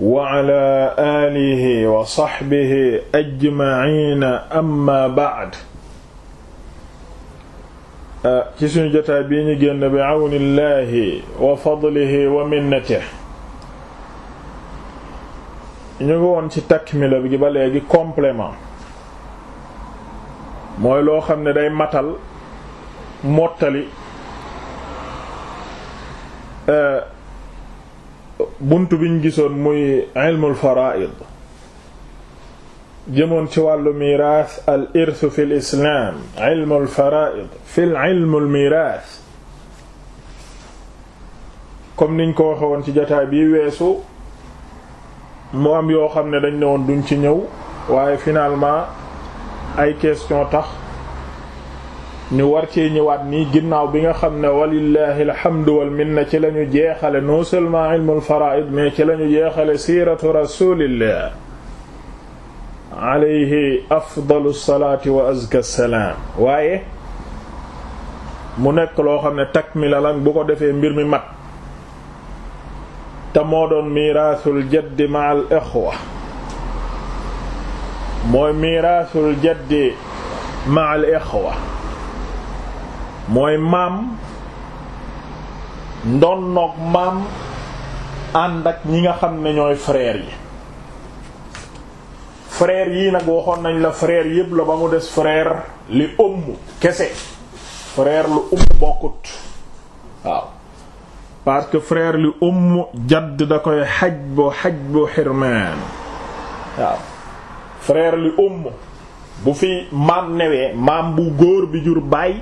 wa ala alihi wa sahbihi ajmaina amma ba'd ci suñu jotaay bii ñu génn bi awnillahi wa fadlihi wa minnatihi ñu ngi ci takmila bi ba léegi complément mooy loo xam ne day matal mottali bunt biñ gisoon muy ilmul fara'id jëmoon ci wàllu miiraas al irth fi l islaam ilmul fara'id fi ilmul miiraas comme niñ ko waxewoon ci jataay bi weesu mu am yoo xam ne dañ ne woon duñ ci ñëw waaye finalement ay question tax ñu war cee ñëwaat nii ginnaaw bi nga xam ne walillahi alhamdu wal minna ci lañu jeexal non seulement ilmul faraa'id mais ci lañu jeexale siiratu rasulillah alayhi afdalu salaati wa azka salaam waaye mu nekk loo xam ne takmila lan bu ko defee mbir mi mat te moo doon miiraasul jaddi ma al ixwa mooy mooy maam ndonnoog maam ànd ak ñi nga xam ne ñooy frère yi frère yii nag waxoon nañ la frère yépp la ba mu des frère li ëmm kese frère lu ëmm bokkut waaw parce que frère li ëmm jadd da koy xaj bu xaj bu xirmaan waaw frère li ëmm bu fi maam newee maam bu góor bi jur baay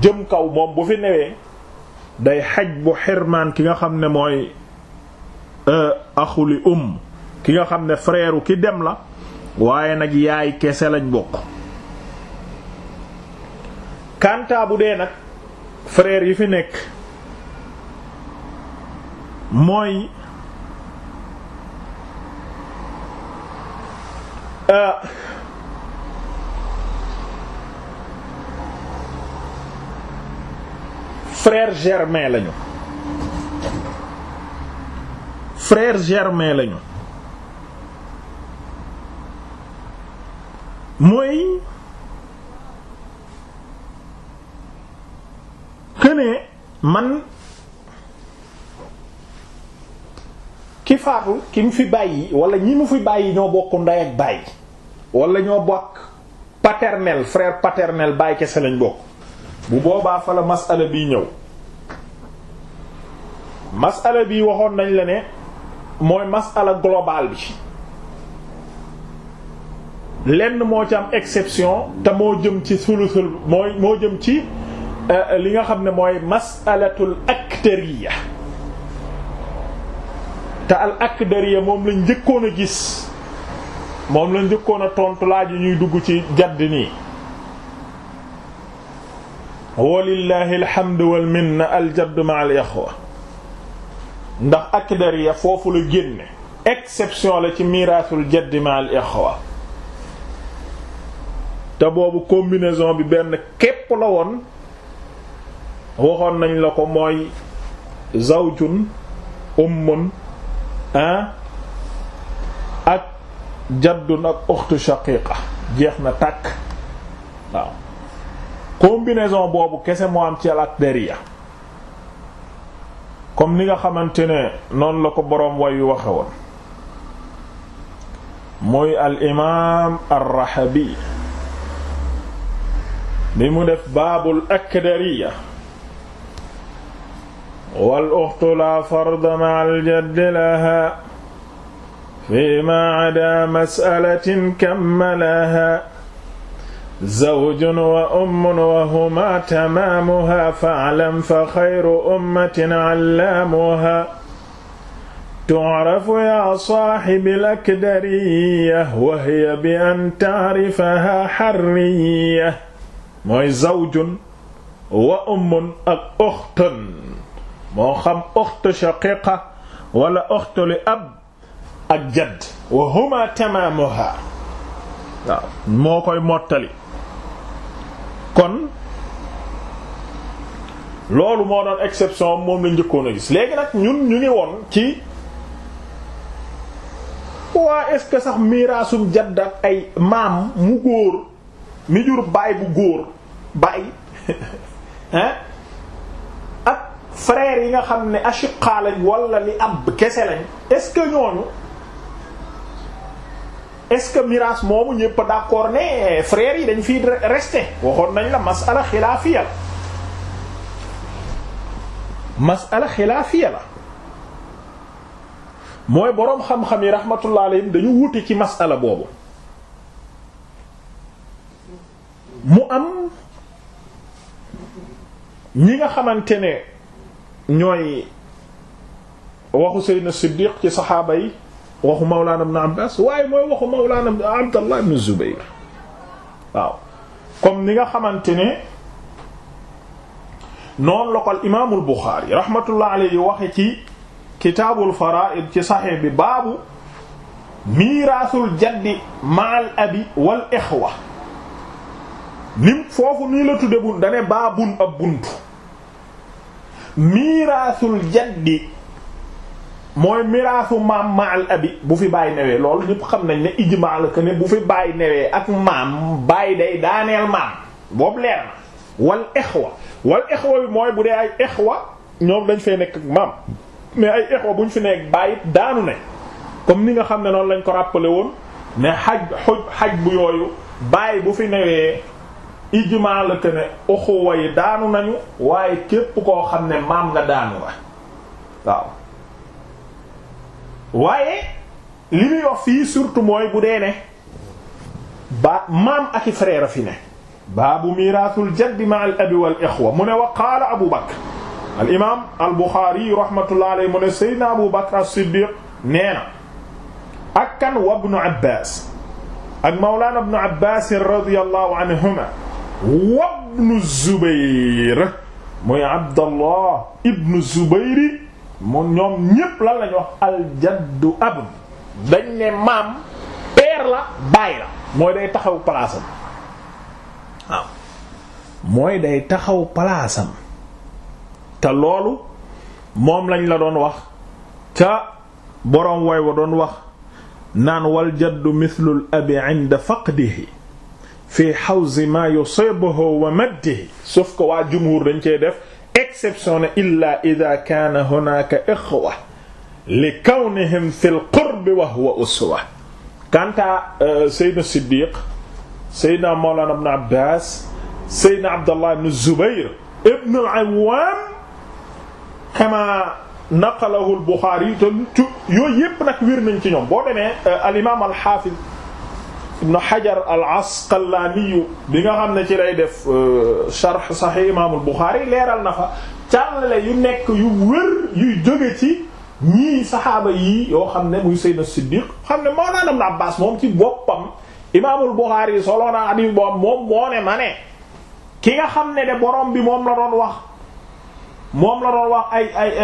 jëm kaw moom bu fi newee day xaj bu xirmaan ki nga xam ne mooy euh, axuli um ki nga xam ne frère ki dem la waaye nag yaay kese lañ bokk kanta bu dee nag frère yi fi nekk mooy euh, frère germain lañu frère germain lañu mooy kënee man ki faatu ki mu fi bàyyi wala ñi mu fi bàyyi ñoo bokk ndey ak bàyyi wala ñoo bokk paternel frère paternel bàyyi kese lañ bokk bu boobaa fa la masala bi ñëw masala bii waxoon nañ la ne mooy masala global bi lenn moo ci am exception te moo jëm ci sulusul mooy moo jëm ci euh, li nga xam ne mooy masalatul akdariya te al akdariya moom lañ njëkkoon a gis moom la njëkkoon a tontu laaj yi ñuy dugg ci jadd nii walillahi alhamdu wal minna aljadd ma al ikhwa ndax akdariya foofu la génne exception la ci miraasul jadd ma al ikhwa te boobu combinaison bi benn képp la woon waxoon nañ la ko mooy zawjun ummun ah, ak jaddun ak uxtu shaqiqa jeex na tàkk combinaison boobu kese moo am ci al-Akdariya comme ni nga xamante ne noonu la ko boroom way yu waxe woon al imaam ar-Rahabi bi mu def baabul akdariya wal uxtu laa farda ma al jaddi laha fi ma ada masalatin kammalaha zawjun wa ummun wa huma tamaamuha fa'lam fa xayru ummatin allaamuha tu'rafu yaa saaxibil akdariya wa hiya bi an ta'rifaha harriya mooy zawjun wa ummun ak uxtun moo xam uxtu shaqiqa wala uxtu li ab ak jadd wa huma tamaamuha waaw moo koy mottali kon loolu moo daan exception moom la njëkkoon a gis léegi nag ñun ñu ngi woon ci waa est-ce que sax miraasum jadd ak ay maam mu góor mi jur baay bu góor baay hein ak frère yi nga xam ne ashiqa lañ wala li ab kese lañ est-ce que ñooñu est-ce que miraas moomu ñépp a d'accord ne frères yi dañ fiy rester waxoon nañ la masala xilaafiya la masala xilaafiya la mooy boroom xam-xam yi rahmatullah alayhim dañu wuute ci masala boobu mu am ñi nga xamante ne ñooy waxu Seydina Siddiq ci saxaaba yi waxu Mawlana ibn Abbas waaye mooy waxu Mawlana Abdallah ibn Zubayr waaw comme ni nga xamante ne noonu la ko al imaamul Buxaari rahmatullah alayhi waxe ci kitaabul faraa'id ci saxiix bi baabu miiraasul jaddi ma'al abi wal ixwa nim foofu nii la tudde bun dane baabun ab buntu miiraasul jaddi mooy miraasu maam maal abi bu fi bàyyi newee loolu yépp xam nañ ne ijmaa la que bu fi bàyyi newee ak maam bàyyi day daaneel maam boobu leer na wal exwa wal exwa bi mooy bu dee ay exwa ñoom lañ fee nekk ak maam mais ay exwa buñ fi nekk bàyyi daanu ne comme ni nga xam ne noonu lañ ko rappelé woon ne xaj xoj xaj bu yooyu bàyyi bu fi newee ijmaa la que ne yi daanu nañu waaye képp koo xam ne maam nga daanu la waaw waaye li muy wax fii surtout mooy bu dee ne ba maam ak i frère fi ne baabu ma al abi wal ixwa wa qaala abu bakr al imaam rahmatullah alayhi mu ne abu bakr as-siddiq nee kan wa ibnu abbaas ak mawlaana ibnu abbaas radiyallahu anhuma wa ibnu zubayr mooy abdallah ibnu zubayr moom ñoom ñépp lan lañu wax aljaddu ab dañ ne maam père la baay la mooy day taxaw palaasam mooy day taxaw palaasam te loolu moom lañ la doon wax ca boroom way wa doon wax naan wal jaddu mithlul abi inda faqdihi fi hawzi ma yusibuhu wa maddihi sauf waa jumhur dañ cee def exception illa ida kaana hunaka ixwa li kawnihim fi l qurbi wa huwa uswa kanta euh, saydna siddiq saydna mawlana ibn abbas saydna abdallah ibn zubair ibn al awwam kama naqalahu al buxaari te yooyu yépp nag wér nañ ci ñoom boo demee euh, al imam al hafiz ibn Hajar al-Asqalaani bi nga xam ne ci lay def euh, sharh Sahih Imaamul Buxaari leeral na fa càllale yu nekk yu wër yu jóge ci ñii saxaaba yi yoo xam ne muy Seydina Siddiq xam ne Mawlaana Ibn Abbaas moom ci boppam Imaamul Buxaari solo na hadiis boobu moom moo ne ma ne ki nga xam ne de borom bi moom la doon wax. moom la doon wax ay ay eh,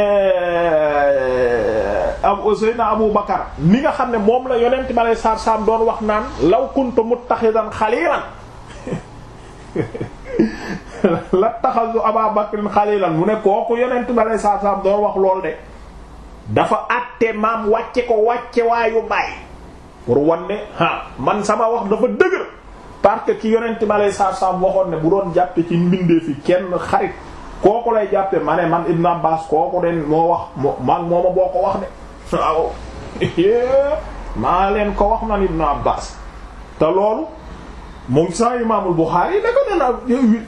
eh, a Seydina Abu Bakar ni nga xam ne moom la yonent ma lay sar sam doon wax naan law kuntu muttaxidan xalilan la taxasu Aba Bakrin xalilan mu ne kooku yonent ma lay sar sam doon wax lool de dafa àtte maam wàcce ko wàcce waayu bàyyi pour wanne ha man sama wax dafa dëgër parce que ki yonent ma lay sar sam waxoon ne bu doon jàppe ci mbindee fi kenn xarit kooku lay jàppe ma ne man Ibn Abbas kooku den moo wax man moo ma boo ko wax de maa leen ko wax man Ibn Abbas te loolu moom saa imaamul Buxaari yi naka nana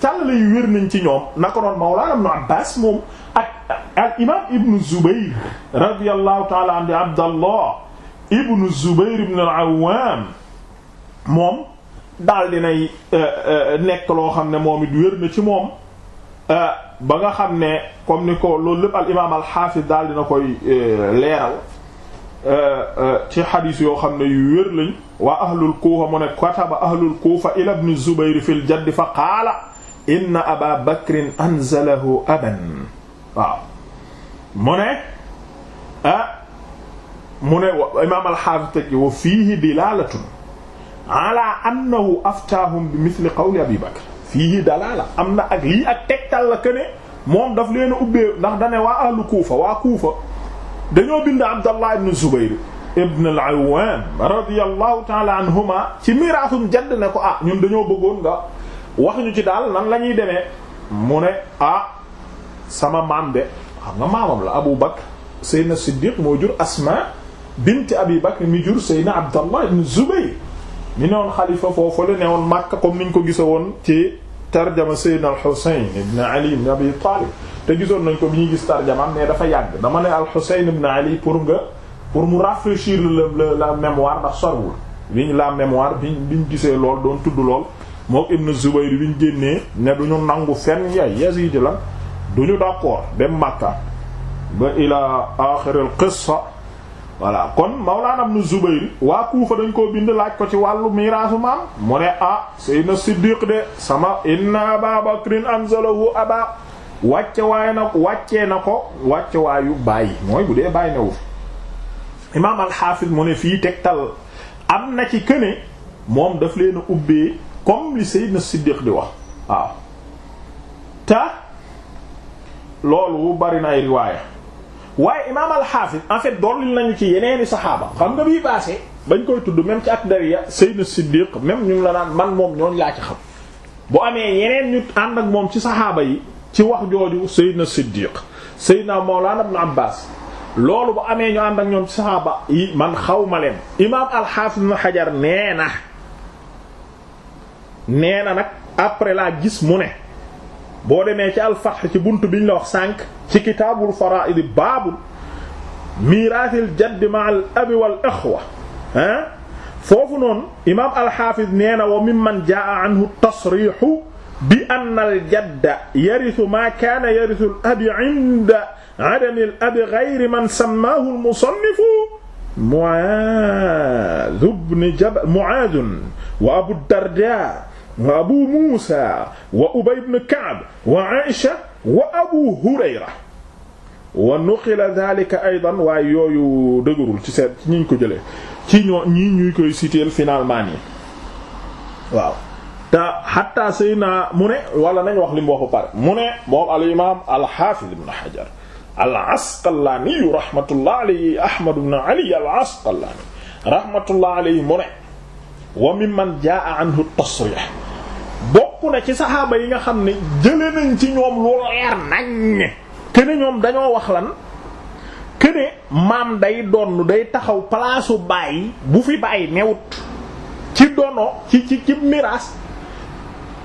càllale yu wér nañ ci ñoom naka noon mawlaana Ibn Abbas moom ak al imam Ibn Zubayr radiyallahu ta'ala anhu Abdallah Ibn Zubayr ibn al moom daal dinay eh, eh, nekk loo xam ne moom it wér na ci moom Euh, ba nga xam ne comme ni ko loolu lépp al imaam al xaafis daal dina koy euh, leeral euh, ci xadiis yoo xam ne yu wér lañ waa ahlul kuufa mu ne kataba ahlul kuufa ila ibn zubayr fil jadd fa qaala inna aba bakrin anzalahu aban waaw mu ne ah mu ne imaam al xaafis teg wa fiihi dilaalatun ala annahu aftaahum bi mithli qawli abi bakr fii dalaala am na ak lii ak tegtal la këne moom daf leen ubbee ndax dane waa ahlu kuufa waa kuufa dañoo bind abdallah ibn zubayr ibn al-awwam radiyallahu taala anhuma ci miraasum jadd ne ko ah ñun dañoo bëggoon nga wax ñu ci daal nan la ñuy demee mu ne ah sama maam de xam nga maamam la abu bakr saydna siddiq moo jur asma bint abi bakr mi jur saydna abdallah ibn zubayr mi newoon xalifa foofu la newoon Makka comme niñ ko gisa woon ci tarjama Seydina al-Husayn ibn Ali ibn Abi Talib te gisoon nañ ko bi ñuy gis tarjamaam mais dafa yàgg dama ne al-Husayn ibn Ali pour nga pour mu rafraîchir la la mémoire ndax sorwul biñ la mémoire bi biñ gisee lool doon tudd lool mook Ibn Zubayr biñ génnee ne ñu nangu fenn yaay Yazid la duñu d'accord dem Makka ba ila axir qissa voilà kon Mawlana ibn Zubayr waa Kuufa dañ koo bind laaj ko ci wàllu miraasu maam mu ne ah Seydina Siddiq de sama inna Aba Bakrin anzalahu aba wàcce waaye na wàcce na ko wàcce yu bàyyi mooy bu dee bàyyi newu imaam al mu ne fii tegtal am na ci këne moom daf leen a ubbee comme li Seydina Siddiq di wax waaw te loolu bari na riwaaya waaye imaam al-Hafiz en fait dolli nañu ci yeneeni saxaaba xam nga bii passé bañ koy tudd même ci Akdariya Sayyidna Siddiq même ñu la naan man moom ñooñu laa ci xam bu amee yeneen ñu ànd ak moom ci saxaaba yi ci wax jooju Sayyidna Siddiq Sayyidna Mawlana Ibn Abbas loolu bu amee ñu ànd ak ñoom ci saxaaba yi man xaw ma leen imaam al-Hafiz Ibn Hajar nee na nee na nag après laa gis mu ne boo demee ci alfath ci bunt biñ la wax sànq ci kitaabul fara'id baabul miiraatil jadd ma'al abi wal ixwa ah foofu noonu imaam alxaafiz nee na wa mimman jaa'a anhu tasriixu bi anna al jadda yarisu maa kaana yarisu al abi 'inda 'adami al abi ghayri man sammaahu al musannifu Mu'aaz ibn Jabal Mu'aaz wa Abu Dardaa wa abu muusa wa ubay ibn ka'b wa aisha wa abu hurayra wa nuqila dhalika aydan waaye yooyu dëgërul ci seet ci ñiñ ko jëlee ci ñoo ñii ñuy koy citer finalement nii waaw te xatta sayna mu ne wala nañ wax li mu wax ba pare mu ne moom al imam al hafiz ibn hajar al asqalani rahmatullah alayhi ahmad ibn ali al asqalani rahmatullah alayhi mu ne wa man jaa anhu tasrih bokk na ci saxaaba yi nga xam ne jële nañ ci ñoom lu leer nañ kene ñoom dañoo wax lan kene maam day donn day taxaw palaasu bàyyi bu fi bàyyi newut ci dono ci ci ci miraas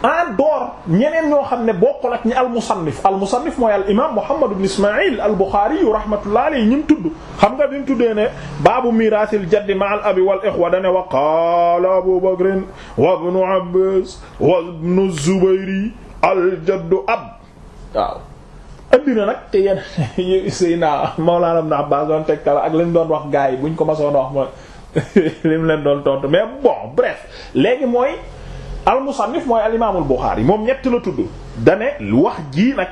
en dehors ñeneen ñoo xam ne boo ak ñi al-musannif al-musannif mooy al-imaam Muhammad ibn Ismaïl al-Bukhari yu rahmatullahi alayhi ñim tudd xam nga bi mu tuddee ne baabu miiraasil jaddi ma'al abi wal ikhwa dane wa qaala Abu Bakr wa ibnu Abbaas wa ibnu Zubayri ab waaw indi na nag te yéen Seydina Mawlana ibn Abbaas doon tegtal ak lañ doon wax gaa yi buñ ko masoon wax ma leen doon tontu mais bon bref léegi mooy al musannif mooy al imaamul Buxaari moom ñett la tudd dane wax jii nag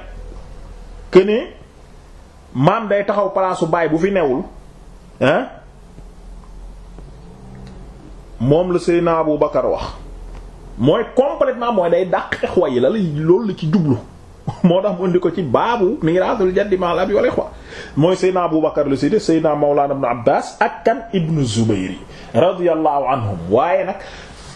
que ne maam day taxaw palaasu baay bu fi newul ah moom la Seydina Abu Bakar wax mooy complètement mooy day daq ixwa yi la la la ci jublu moo tax mu indi ko ci baabu miraasul jaddi ma'al abi wal ixwa mooy Seydina Abu Bakar la cité Seydina Mawlana Ibn Abbas ak kan Ibn Zubayr anhum waaye nag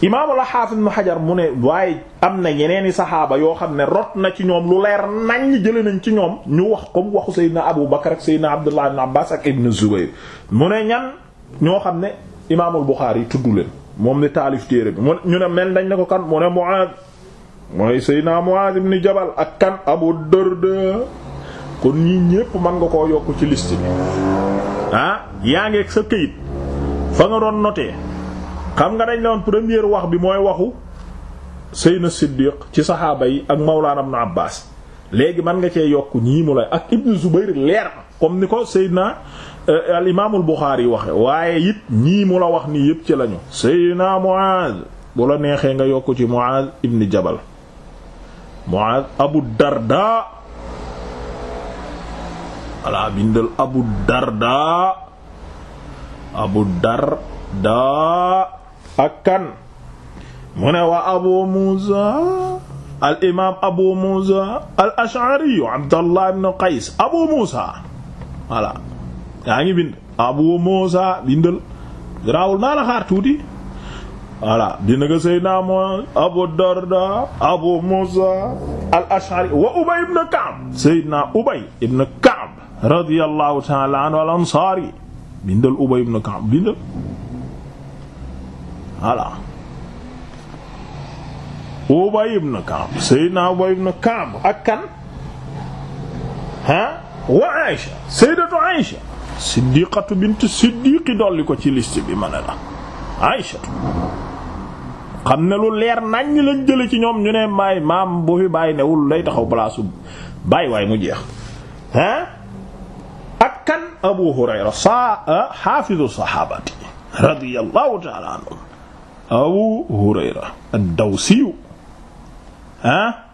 imaamul xaafis ibn Hajar mu ne waaye am na yeneen i saxaaba yoo xam ne rot na ci ñoom lu leer naññ jëlee nañ ci ñoom ñu wax comme waxu Seydina Abu Bakar ak Seydina Abdullah ibn Abbas ak Ibn Zubayr mu ne ñan ñoo xam ne imaamul Buxaari tudd leen moom ni taalif téere bi mu ñu ne mel dañ ne ko kan mu ne Muaad mooy Seydina Muaad ibn Jabal ak kan Abu Darda kon ñi ñépp mën nga koo yokk ci liste bi ah yaa ngi ak sa këyit fa nga doon noter. xam nga dañ la woon wax bi mooy waxu Seydina Siddiq ci saxaaba yi ak Mawlaana Ibn Abbaas léegi mën nga cee yokk ñii mu lay ak Ibn Zubayr leer comme ni ko Seydina euh, al imaamul Buxaari waxe waaye it ñii mu la wax nii yépp ci lañu Seydina Muaaz bu la neexee nga yokk ci Muaaz Ibn Jabal Muaaz Abu Darda walla bindal Abu Darda Abu Darda ak kan wa abu musa al abu musa al abdallah ibn qays abu musa voilà yaa ngi bind abu musa bindal raawul naa la xaar tuuti voilà dina nga sëy abu darda abu musa al wa ubay ibn ka'b sayyidina ubay ibn ka'b radiyallahu ta'ala anhu al bindal ubay ibn ka'b bindal voilà Ubay ibn Ka'b Seydina Ubay ibn Ka'b ak kan wa Aïcha Sayyidatu Aïcha Siddiqatu bint Siddiqi dolli ko ci liste bi ma ne la Aïcha xam ne lu leer nañ lañ jële ci ñoom ñu bàyyi newul lay taxaw palaasu waay mu jeex ah ak Abu Hurayra sa xaafizu ah, saxaabati radiyallahu ta'ala anhum Abu Hurayra ad-Dawsiyu ah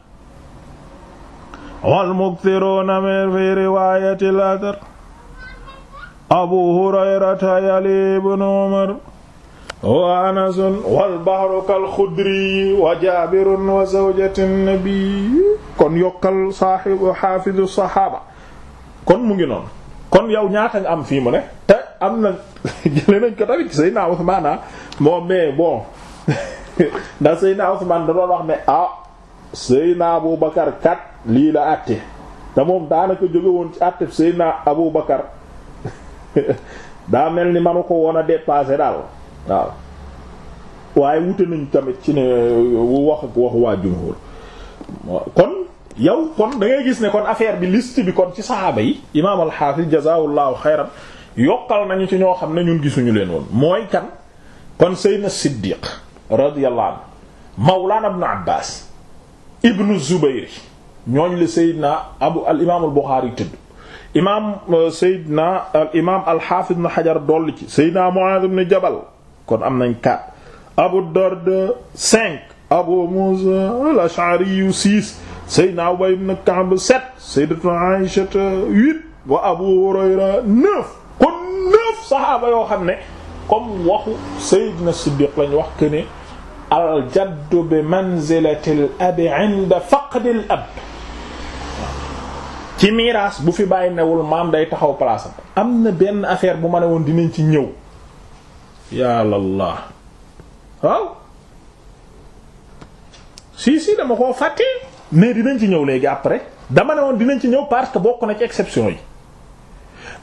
wal muktiruuna min fi riwaayati al-athar Abu Hurayrata yali ibn Umar wa Anas wal bahru kal-Xudri wa Jaabirun wa zawjatu an-Nabi kon yokkal saahibu xaafidu saxaaba kon mu ngi noonu kon yow ñaata nga am fii mu ne te am na jëlee nañ ko tamit Seydina Usmaan ah, moom mais bon ndax Seydina Usmaan da doon wax ne ah Seydina Abu Bakar kat lii la àtte te moom daanaka jóge woon ci àtte Seydina Abu Bakar daa mel ni manu ko woon a dépasser daal waaw waaye wute nañ tamit ci ne euh, wax waa jumhur kon yow kon da gis ne kon affaire bi liste bi kon ci saxaaba yi imaam al-Hafiz jazaahullahu yokkal nañu ci ñoo xam ne ñun gisuñu leen woon mooy kan kon seydna siddiq radiyallahu anhu mawlana ibn abbas ibnu zubayri ñooñ le seydna abu al imam al buxaari tëdd imam euh, seydna al imam al xaafid ibn xajar dolli ci seydna muaaz ibn jabal kon am nañ quatre abu darda cinq abu muusa al ash'ari six seydna ubay ibn ka'b sept sayyidatuna aisha huit wa abu hurayra neuf kon neuf saxaaba yoo xam ne comme waxu Seydina Siddiq lañ wax que ne al jaddu bi manzilati al ci miraas bu fi bàyyi newul maam day taxaw place am na benn affaire bu ma ne woon dinañ ci ñëw yàlla laa waaw si si dama koo fàtte mais dinañ ci ñëw léegi après dama ne woon dinañ ci ñëw parce que bokk na ci exception yi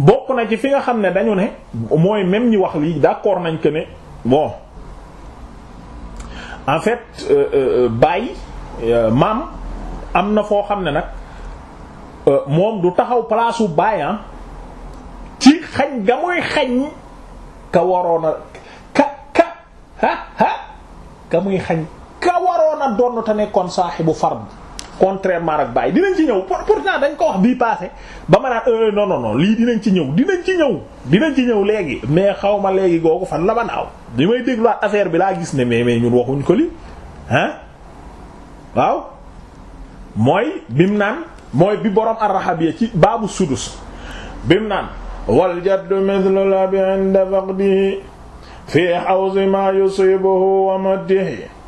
bokk na ci fi nga xam ne dañu ne mooy même ñi wax lii d'accord nañ que ne bon en fait euh, euh, baay euh, maam am na foo xam ne nag moom du taxaw place u baay ah, ci xañ ga muy xañ ka waroon a ka ka ha ha ka muy xañ ka waroon a doon te nekkoon saaxibu fard contrairement ak bàyyi dinañ ci ñëw pourtant dañ ko wax bii passé ba ma naan euh, non lii dinañ ci ñëw dinañ ci ñëw dinañ ci ñëw léegi mais xaw ma léegi googu fan la ma may dégluwaat affaire bi laa gis ne mais mais ñun waxuñ ko li ah waaw mooy bim naan mooy bi borom ar-Rahabiyya ci baabu sudus bim naan wal jaddu mithlu labi inda faqdihi fi hawzi ma yusibuhu wa maddihi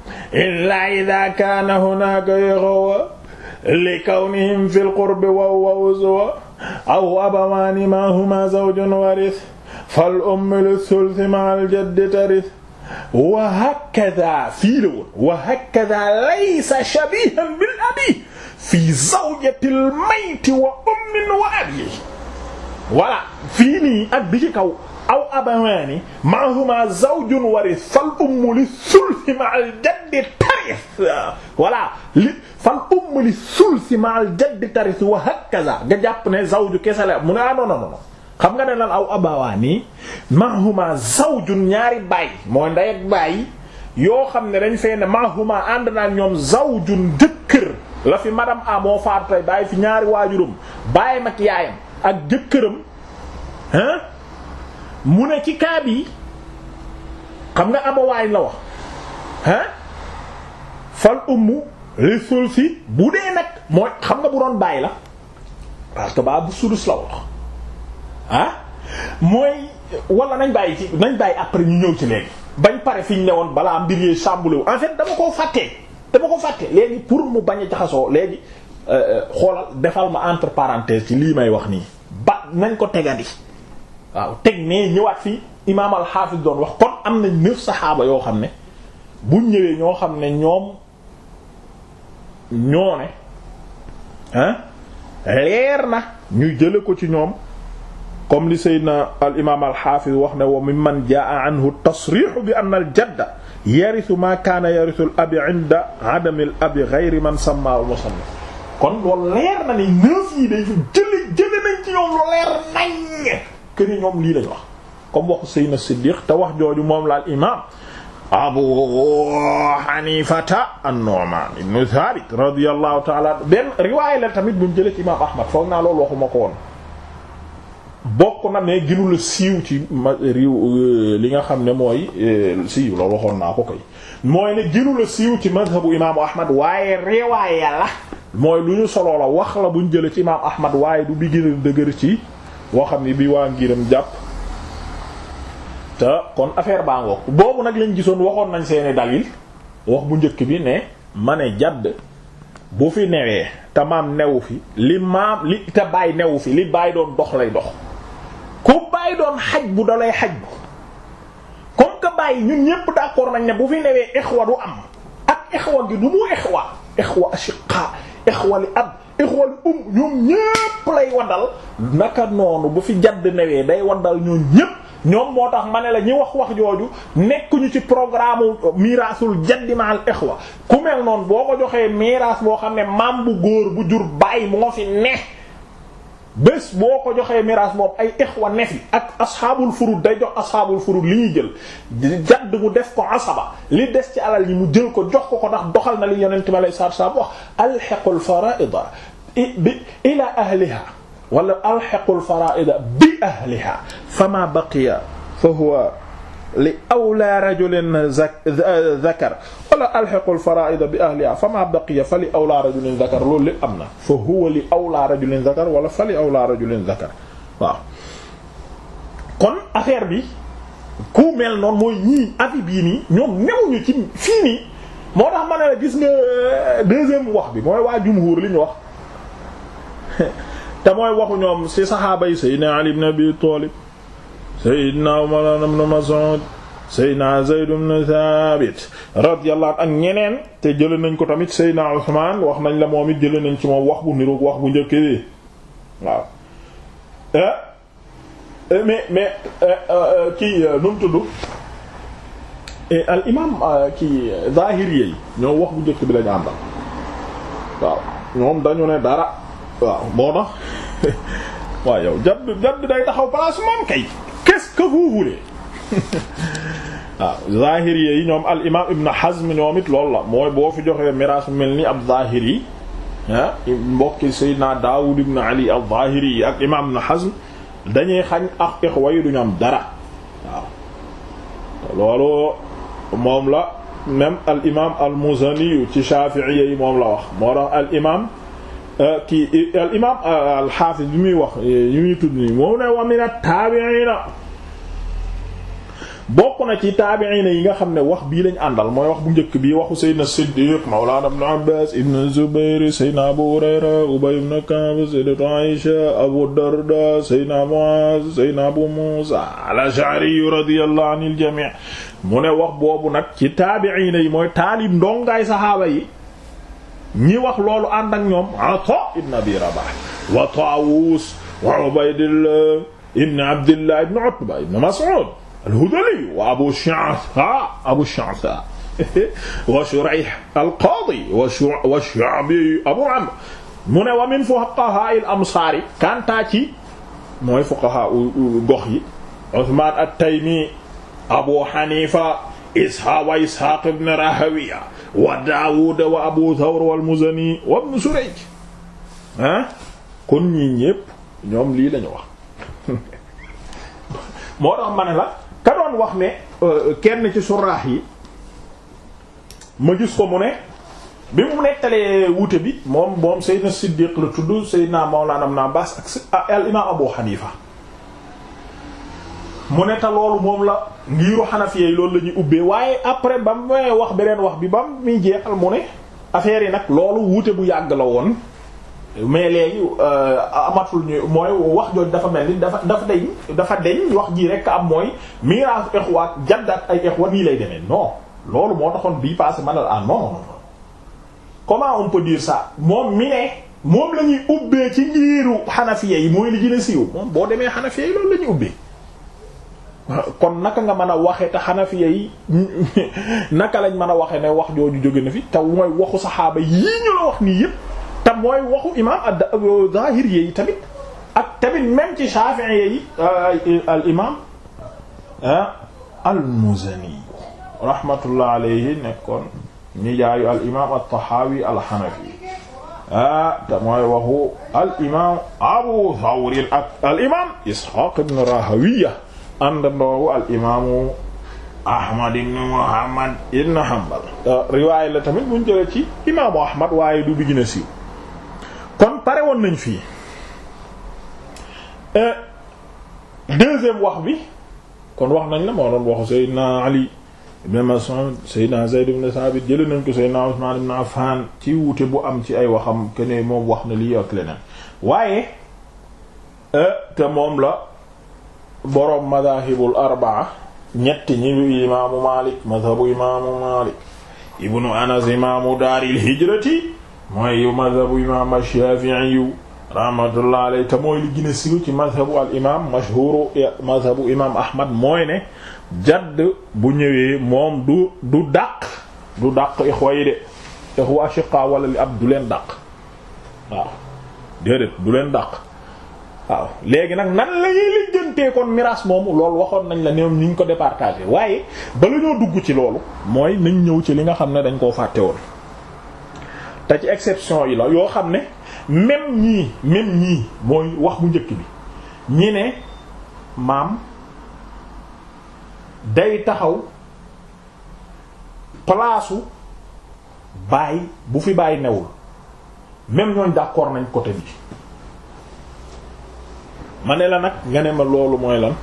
illaa idaa kaana hunaaka yaxwa li kawnihim fil qurbi waw wa uzwa aw abawaani maahumaa zawjun waris fal ummi lis-sulsi ma'al jaddi taris wa hakadha fii la woon wa hakadha laysa shabihan bil abi fii zawjatil mayti wa ummin wa abi voilà fii nii ak bi ci kaw aw abawaani maahuma zawjun wari fal ummu sulsi ma jaddi tarif voilà li fal ummu li sulsi ma jaddi tarif wa hakaza nga jàpp ne zawju kese la mu ne ah non non xam nga ne lan aw abawaani maahuma zawjun ñaari baay mooy ndey ak baay yoo xam ne dañ fee ne maahuma ànd naa ñoom zawjun jëkkër la fi madame a moo faatu tey bàyyi fi ñaari waajuram bàyyi mag yaayam ak jëkkëram hein mu ne ci kaa bi xam nga abawaay la wax ah fal ummu li bu dee nag mooy xam nga bu doon bàyyi la parce que baa bu sudus la wax ah mooy wala nañ bàyyi ci nañ bàyyi après ñu ñëw ci léegi bañ pare fi ñu ne woon balaa mbir yee sàmbule en fait dama koo fàttee dama ko fàtte léegi pour mu bañ a jaxasoo léegi euh, euh, xoolal defal ma entre parenthèse ci lii may wax nii ba nañ ko tegandi waaw teg nee ñëwaat fii imaam al-Hafiz doon wax kon am na neuf saxaaba yoo xam ne bu ñëwee ñoo xam ne ñoom ñoo ne ah leer na ñu jële ko ci ñoom comme li sayyidna al imaam al-Hafiz wax ne wa mimman jaa anhu tasrih bi anna al jadda yarisu ma kaana yarisu al abi inda adami al abi ghayri man samma wa musamma kon loolu leer na ni neuf yi dañu jële jële nañ ci ñoom lu leer nañ këni ñoom lii lañ wax comme waxu Seydina Siddiq te wax jooju moom laal imaam Abu Hanifata an-Nu'man ibn Thabit radiyallahu ta'ala benn riwaay la tamit buñ jëlee ci imaam Ahmad foog naa loolu waxuma ko woon bokk na ne ginu la siiw ci ma riw euh, li nga xam ne mooy euh, siiw loolu waxoon naa ko siiw ci madhabu imaamu Ahmad waaye riwaaya la mooy lu ñu soloo la wax la buñ jëlee ci imaamu Ahmad waaye du bi gën dëgër ci waxam yi bi waa ngiram jàpp te kon affaire baa ngoog boobu nag lañ gisoon waxoon nañ seeni dalil wax bu njëkk bi ne ma ne jadd bu fi newee te newu fi li maam li te baay newu fi li bàyyi doon dox lay dox ku baay doon xaj bu dalay xaj bu comme que baay ñun ñépp d'accord nañ ne bu fi newee ixwa du am ak ixwa gi du mu ixwa ixwa ashiqa ixwali ab ixwali um ñoom ñépp lay waddal naka noonu bu fi jadd newee day waddal ñoom ñépp ñoom moo tax ma ne la ñi wax wax jooju nekkuñu ci programme miraasul jaddi ma al ixwa ku mel noon boo ko joxee miraas boo xam ne maam bu góor bu jur bàyyi moo fi ne bés boo ko joxee miraas boobu ay ixwa nefi ak asxaabul furud day jox asxaabul furud li ñuy jël jadd mu def ko asaba li des ci alal yi mu jël ko jox ko ko ndax doxal na li yonent ma lay saab saab wax alxequl faraida bi ila ahliha wala alxequl faraida bi ahliha fama baqiya fa huwa li awla rajulin zakar wala alhiqul fara'id bi ahliha fama baqiya fa li awla rajulin zakar loolu lépp am na fa huwa li awla rajulin zakar wala fa li awla rajulin zakar waaw kon affaire bi ku mel noonu mooy ñii avis bii nii ñoom newuñu ci fii nii moo tax ma ne la gis nga euh, deuxième wax bi mooy waa jumhuur li ñu wax te mooy waxu ñoom ci saxaaba yi sayyidina Ali ibn Abi Talib Seydina Umar ibn Mas'ud Seydina Zayd ibn Thabit radiyallahu an ñeneen te jëlee nañ ko tamit Seydina wax nañ la moom it jëlee nañ ci moom wax bu niroog wax bu njëkk bi waaw. Eh, eh, mais mais eh, kii nu mu tudd al imaam kii Zahiri yi ñoom wax bu njëkk bi la ñu àndal waaw ñoom dañu ne dara waaw moo tax waaw yow jadd jadd day taxaw place moom kay. qu'est-ce que vous voulez waaw ah, zahiri yi ñoom al imam ibn Hazm ñoom it loolu la mooy boo fi joxee miraas mel ni ab zahiri yi ah mbokki Seydina Daawud ibn Ali al zahiri yi ak imam ibn Hazm dañuy xañ ak ixwa yi duñu am dara waaw loolu moom la même al imam al Muzani ci Shafi'i yi moom la wax moo tax al imam euh, kii al imam euh, al Hafiz bi muy wax yi muy tudd nii moom ne wa min at-tabi'ina bokk na ci taabi'in yi nga xam ne wax bii lañ àndal mooy wax bu njëkk bii waxu Seydina Siddiq Mawlana Ibn Abbas Ibn Zubayr Seydina Abu Hurayra Ubay ibn Ka'b Sayyidatu Aisha Abu Darda Seydina Abu Musa al-Ash'ari radiyallahu anil jami' mu wax boobu nag ci taabi'in yi mooy taalib ndongaay saxaaba yi ñi wax loolu ànd ak ñoom ibn Abi Rabah wa Tawus wa Ubaydillah ibn Abdillah ibn Utba ibn Mas'ud al-Hudhali wa Abu Shu'atha Abu Shu'atha wa Shurayh al-Qadi wa Shu'bi Abu Amr mu ne wa min fuqaha al-amsaar kanta ci mooy fuqaha gox yi Uthman at-Taymi Abu Hanifa Ishaq wa Ishaq ibn Rahawiya wa Daawud wa Abu Thawr wal-Muzani wa Ibn Surayj ah kon ñii ñépp ñoom lii lañu wax moo tax ma ne la doon wax ne euh, kenn ci suraax yi ma gis ko mu ne bi mu nettalee wuute bi moom moom Seydina Siddiq la tudd Seydina Mawlana Ibn Abbas ak ah, al imaam Abu Hanifa mu ne te loolu moom la ngiiru xanafiye yi loolu la ñuy ubbee waaye après ba mu wax beneen wax bi ba muy jeexal mu ne affaire yi nag loolu wuute bu yàgg la woon mais léegi euh, amatul ñu mooy wax jooj dafa mel ni dafa dafa deñ dafa wax ji rek am mooy miraas exwaat jaddaat ay exwaat nii lay demee non loolu moo taxoon bii passé manal ah non non comment on peut dire ça moom mi ne moom la ubbee ci njiiru xanafiya yi mooy li gën a siiw moom boo demee xanafiya yi loolu la ubbee kon naka nga mën a waxee te xanafiya yi naka lañ mën a waxee ne wax jooju jóge na fi te mooy waxu saxaaba yi ñu la wax nii yépp te mooy waxu imaam az-Zahiri yi tamit ak tamit même ci Shafi'i yi euh, al imaam euh, al-Muzani rahmatullah alayhi nekkoon nijaayu al imaam at-Tahawi al-Hanafi ah te mooy waxu al imaam Abu Thawr ak al imaam Ishaq ibn Rahawiya ànd ndoowu al imaamu Ahmad ibn Muhammad ibn Hanbal riwaay la tamit buñ jëlee ci imaamu Ahmad waaye du bi gën a siiw kon pare woon nañ fii euh, deuxième wax bi kon wax nañ la moo doon waxu Seydina Ali ibn Mas'ud Seydina Zayd ibn Sabit nañ ko Seydina Usman ibn Affan ci wuute bu am ci ay waxam que moom wax na lii ak leneen waaye euh, te moom la boroom madahibul arbaa ñetti ñi imaamu Malik madhabu imaamu Malik ibnu Anas imaamu daaril hijrati mooy madhabu imaam Shaafi'i rahmatullah alayhi te mooy li gën a siiw ci madhabu al imaam mashhuru madhabu imaam Ahmad mooy ne jadd bu ñëwee moom du du dàq du dàq ixwa yi de ixwa ashiqa wala li ab du leen dàq waaw déedéet du leen dàq waaw léegi nag nan la ñuy lijjantee kon miraas moomu loolu waxoon nañ la ñoom ñu ngi ko départagé waaye bala ñoo dugg ci loolu mooy nañ ñëw ci li nga xam ne dañ koo fàtte woon. te ci exception yi la yoo xam ne même ñii même ñii mooy wax bu njëkk bi ñi ne maam day taxaw palaasu baay bu fi baay newul même ñooñ d'accord nañ côté bi ma ne la nag nga ne ma loolu mooy lan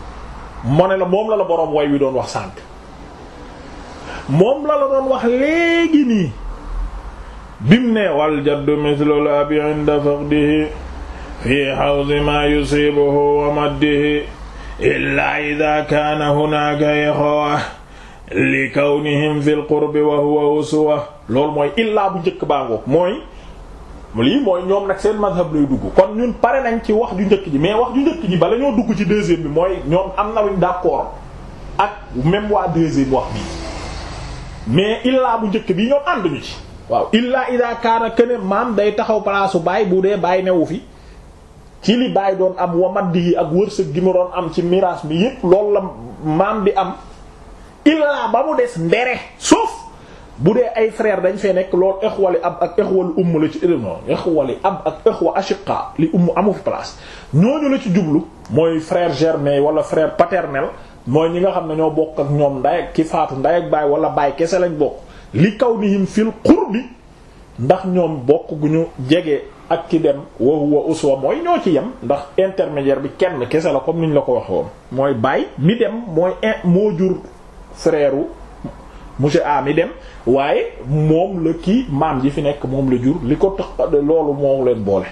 ma ne la moom la la boroom woy wi doon wax sànk moom la la doon wax léegi nii bim ne wal jaddu mislul abi fi hawzi ma yusibuhu wa maddihi illaa idha kaana hunaaka ixwa li kawnihim fil qurbi wa huwa uswa loolu mooy illaa bu njëkk baangoog mooy lii mooy ñoom nag seen mazhab lay dugg kon ñun pare nañ ci wax ju njëkk ji mais wax ju njëkk ji bala ñoo dugg ci deuxième bi mooy ñoom am na luñ d'accord ak même waa deuxième wax bi mais illaa bu njëkk bi ñoom ànduñu ci waaw illaa ida kaana kene maam day taxaw palaasu baay bu dee baay newu fi ci li baay doon am wamat di ak wërsëg gi mu doon am ci miraas mi yëpp loolu la maam di am illaa ba mu des ndere sauf bu dee ay frère dañ fee nekk lool exwali ab ak exwali umm ci eh, non exwali ab ak exwa ashiqa li umm amu fi place ñooñu la ci jublu mooy frère germain wala frère paternel mooy ñi nga xam ne ñoo bokk ak ñoom nday ak ki faatu nday ak baay wala baay kese lañ bokk li kawnihim fil qurbi ndax ñoom bokk gu ñu jege ak ki dem wa huwa uswa mooy ñoo ci yem ndax intermédiaire bi kenn kese la comme niñ la ko waxoon mooy baay mi dem mooy moo jur frère monsieur A mi dem waaye moom la kii maam ji fi nekk moom la jur li ko tax loolu moo leen boole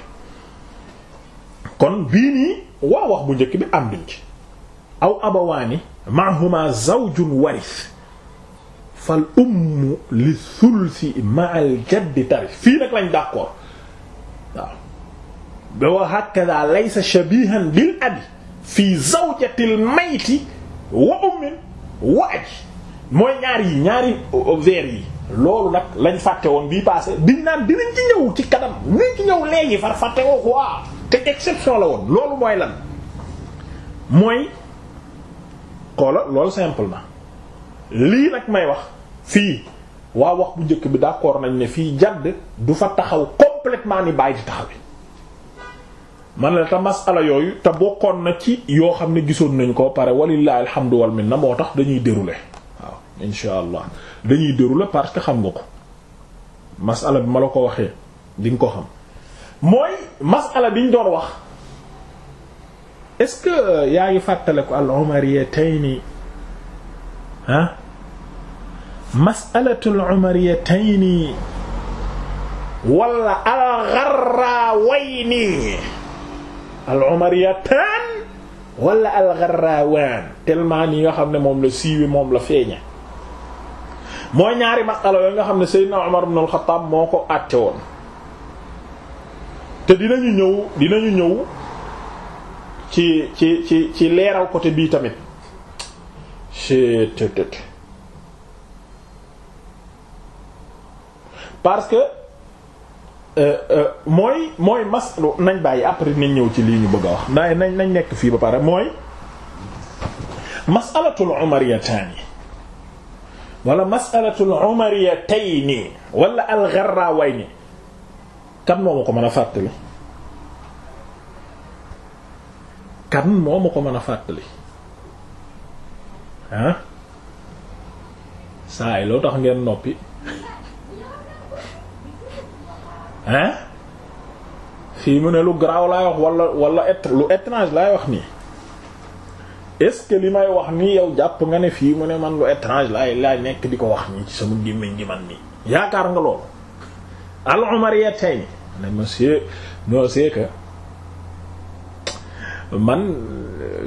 kon bii nii waa wax bu njëkk bi am duñ ci aw abawaani mahuma zawjun waris fal umm li sulsi ma'al jaddi tarif fii nag lañ d'accord waaw ba wa hakada laysa shabihan bil abi fii zawjatil mayti wa ummin wa abi mooy ñaar yi ñaari vers yi loolu nag lañ fàtte woon bii passé biñ naan dinañ ci ñëw ci kanam dinañ ci ñëw léegi far fàtte woo quoi te exception la woon loolu mooy lan mooy xoola loolu simple lii nag may wax fii waa wax bu njëkk bi da d'accord nañ ne fii jadd du fa taxaw complètement ni bàyyi di taxawi man la te masala yooyu te bokkoon na ci yoo xam ne gisoon nañ ko pare walillahi alhamdu wal na moo tax dañuy dérouler waaw insha allah dañuy dérouler parce que xam nga ko masala bi ma la ko waxee di nga ko xam mooy masala biñ doon wax est-ce que yaa ngi fàttale ko al umariyatayn ah masalatul umariyatayni wala algarrawayni al umariyatan wala algarrawan tellement ni nga xam ne moom la siiwe moom la feeña mooy ñaari masala yooyu nga xam ne Seydina Umar ibn al moo ko àtte woon te dinañu ñëw dinañu ñëw ci ci ci ci leeral côté bii tamit ctt parce que euh, euh, mooy mooy mas nañ bàyyi après nañ ñëw ci lii ñu bëgg a wax ndax nañ nañ nekk fii ba pare mooy masalatul umariyataani wala masalatul umariyatayni walla algarrawayni kan moo ma ko mën a fàttali kan moo ma ko mën a fàttali ah saa yi loo tax ngeen noppi hein fii mu ne lu garaaw laay wax walla wala lu étrange laay wax nii est-ce li may wax nii yow jàpp nga ne fii mu ne man lu étrange laay laay nekk di ko wax nii ci sama gémmiñ gi man nii yaakaar nga loolu al umariyat tay ni ne monsieur non c'est man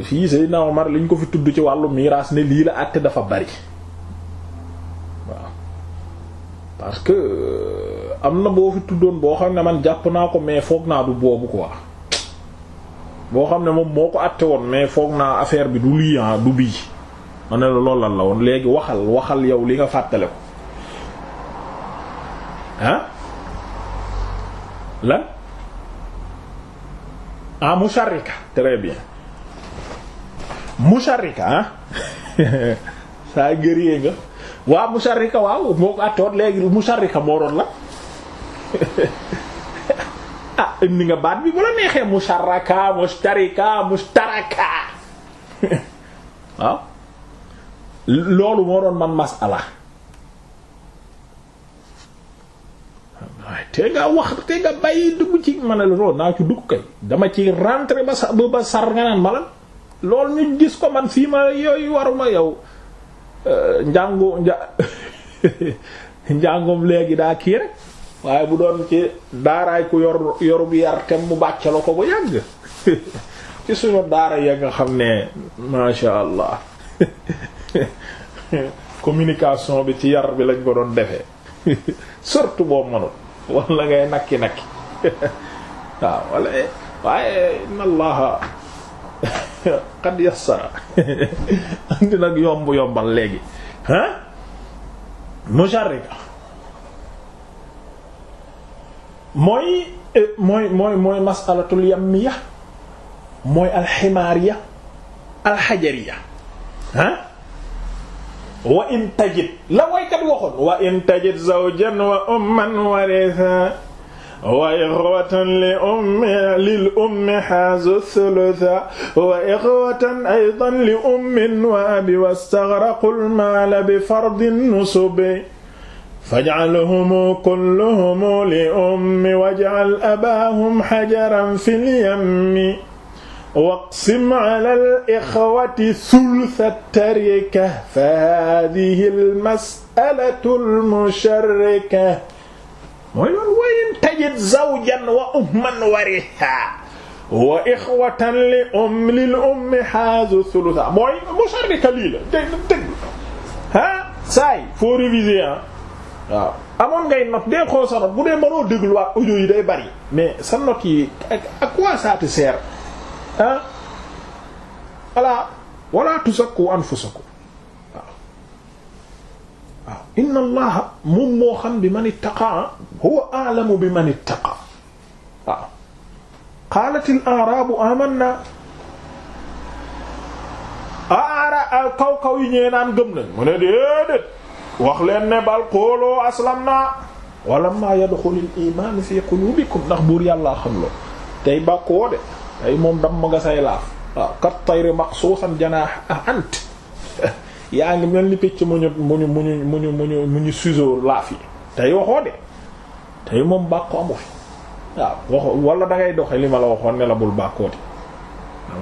fii Seydina Omar liñ ko fi tudd ci wàllu miraas ne lii la àtte dafa bari waaw parce que euh, am na boo fi tuddoon boo xam ne man jàpp naa ko mais foog naa du boobu quoi boo xam ne moom moo ko àtte woon mais foog naa affaire bi du lii ah du bii ma ne la loolu lan la woon léegi waxal waxal yow li nga fàttale ko ah lan ah musharrika très bien musharrika ah saa gëriyee nga waaw musharrika waaw moo ko attoon léegi musharrika moo doon la ah indi nga baat bi bu la neexee musharraka mustarika mustaraka waaw loolu moo doon man masala waaye te nga wax te nga bàyyi dugg ci ma loolu naa ci dugg kay dama ci rentré ba sar nga naan ma loolu ñu gis ko man sii ma yooyu waruma yow euh, njàngu nja njàngum léegi daa kii rek waaye bu doon ci daaraay ku yor yorub yar tem mu la ko bu yàgg ci suñu daara ya nga xam ne masha allah communication bi ci yar bi lañ ko doon defee surtout boo mënul wala ngay nakki nakki waaw wala waaye inna xad yassara andi nag yomb yombal léegi ah mujarrika mooy eh, mooy mooy mooy masalatul yammiya mooy alximaariya alxajariya ah wa in tajid la waykat waxoon wa in tajid zawjan wa umman waritha wa ixwatan li ummi lil ummi xaazu thulutha wa ixwatan aydan li ummin wa abi wastagraqu almaala bi fardi nusubi faj'alhum kulluhum li ummi waj'al abaahum hajaran fil yammi waqsim alal ixwati sulsa tarika fa haadihi almas'alatu almusharrika mooy loolu wa in tajid zawjan wa umman wariha wa ixwatan li um lil ummi haazu thulutha mooy musharrika lii la dégg dégg ah saa yi faut réviser ah waaw amoon ngay note dee xool sa note bu dee mënoo déglu waa audio yi day bari mais sa note yi à quoi ça te sert ah voilà wala tuzakku anfusakum waaw waaw inna allaha moom moo xam bi man ittaqa huwa a'lamu bi man ittaqa waaw qaalat al a'raabu amanna aara kaw kaw yi ñëwee naan gëm nañ mu ne déedéet wax leen ne xooloo aslam naa wala ma yadxulil iman fi qulubikum ndax buur yàlla xam loo tey bàkkoo de tey moom damm nga say laaf kat tayri maxsuusan janaax ant yaa ngi mel ni picc mu ñu mu ñu mu ñu mu ñu mu ñu mu ñu suso laaf yi tey waxoo de tey moom bàkku amu fi waaw wax wala da ngay doxe li ma la waxoon ne la bul bàkkooti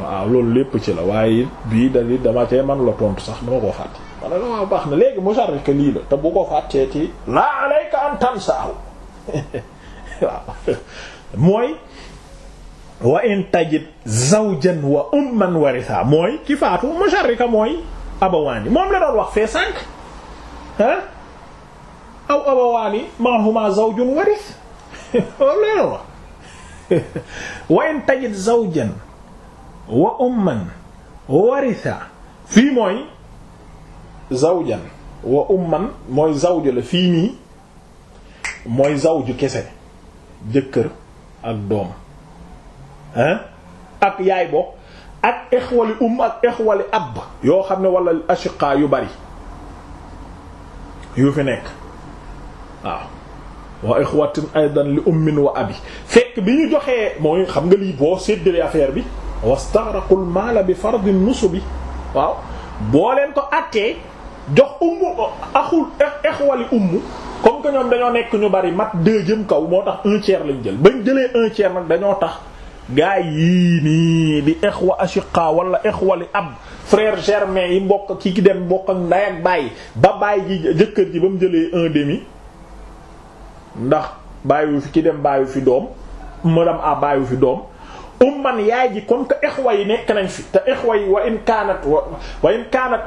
waaw loolu lépp ci la waaye bii dali dama cee man la tontu sax dama ko fàtte mana la waaw baax na léegi musarrif que lii la te bu ko fàttee ci laa alayka an tansahu waaw mooy wa in zawjan wa umman waritha mooy ki faatu musharrika mooy abawaani moom la doon wax fee sànq ah aw abawaani ma'huma zawjun waris loolu leer la wa in zawjan wa umman warisa fii mooy zawjan wa umman mooy zawju la fii nii mooy zawju kese jëkkër ak doom hein ak yaay bokk ak exwali um ak exwali ab yoo xam ne wala ashiqa yu bari yu fi nekk waaw wa ixwatin aidan li ummin wa abi fekk bi ñu joxee mooy xam nga lii boo séddale affaire bi wastaxraqu l maala bi fardi nusubi waaw boo leen ko attee jox ummu axul exwali ummu comme ñoom dañoo nekk ñu bari mat deux jëm kaw moo tax un lañ jël bañ jëlee un tiers nag dañoo tax gaa yii nii di exwa ashiqa wala exwali ab frère germain yi mbokk ki ki dem mbokk ak nday ak bàyyi ba bàyyi jëkkër ji ba mu jëlee un demi ndax bàyyiwu fi ki dem bàyyiwu fi doom madam a bàyyiwu fi doom umman yaay ji comme que ixwa yi nekk nañ fi te ixwa yi wa in kaanat wa in kaanat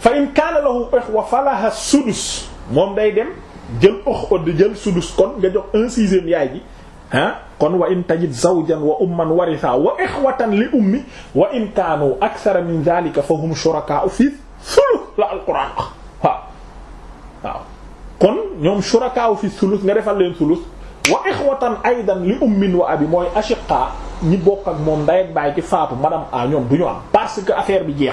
fa kaana lahu ixwa falaha sudus moom day dem jël ox di jël sudus kon nga jox un sixième yaay ji ah kon wa in tajid zawjan wa umman waritha wa ixwatan li ummi wa in kaanu akthara min dhalika fa hum shurakaa'u fi thuluth la alquran wax waaw waaw kon ñoom shurakaaw fi sulus nga defal leen sulus wa ixwatan aidan li ummin wa abi mooy ashiqa ñi bokk ak moom ndey ak baay ci faatu madame a ñoom du ñu am parce que affaire bi jeex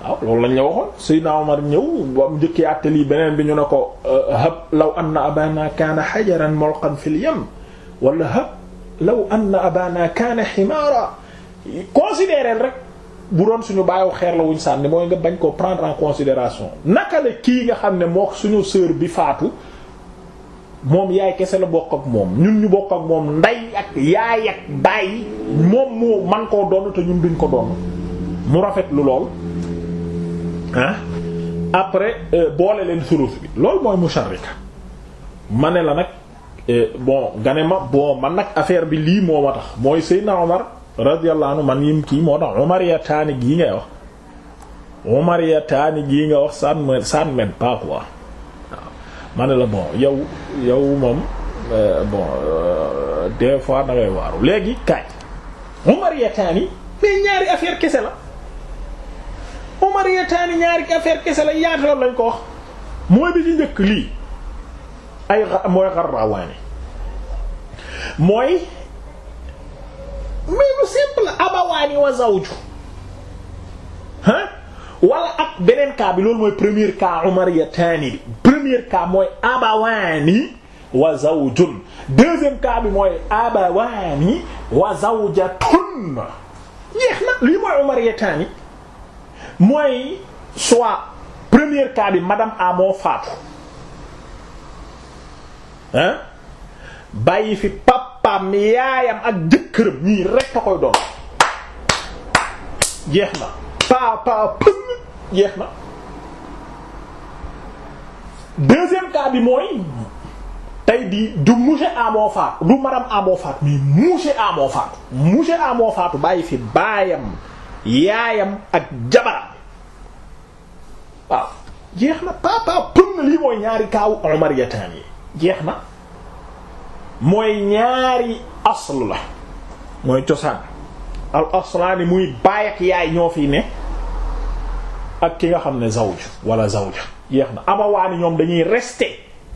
na waaw loolu lañ la waxoon Seydina Omar ñëw ba mu njëkkee àttali beneen bi ñu ne ko euh, hab law anna abana kaana hajaran mulqan fil yam wala hab law anna abana kaana himaara considérer rek bu doon suñu bàyyiw xeer la wuñ sànni mooy nga bañ koo prendre en considération naka la kii nga xam ne moo suñu sœur bi faatu moom yaay kese la bokk ak moom ñun ñu bokk ak moom nday ak yaay ak baay moom moo man koo doon te ñun duñ ko doon mu rafet lu lool ah après euh, boole leen sulus bi loolu mooy musharrika ma ne la nag euh, bon nga ne ma bon man nag affaire bi lii moo ma tax mooy Seydina Omar radiyallahu anhu man yim kii moo tax Umar ya taani gii ngay wax Umar ya taani gii nga wax san me san men pas quoi waaw la bon yow yow moom euh, bon euh, des fois ngay waaru léegi kaay Umar ya taani mais ñaari affaire kese la Umar ya taani ñaari affaire kese la yaata lañ ko wax mooy bi ci njëkk lii ay mooy xarrawaani mooy mais lu simple abawaani wa zawju ah wala ak beneen cas loolu mooy premier cas umariyataani bi premier wa zawjun deuxième cas bi mooy abawaani wa zawjatun jeex na lii mooy umariyataani mooy soit premier cas bi madame faatu ah bàyyi fi pap pappaam yaayam ak jëkkëram ñii rek a koy doon jeex na papa pë jeex na deuxième cas bi mooy tey di du monsieur A moo du madame A moo faatu mais monsieur faatu monsieur A faatu bàyyi fi baayam yaayam ak jabaram waaw jeex na papa pën lii mooy ñaari kaawu Omar yatan yi jeex na mooy ñaari asl la mooy cosaan al aslaani muy baay ak yaay ñoo fi ne ak ki nga xam ne zawj wala zawja yeex na amawaani ñoom dañuy rester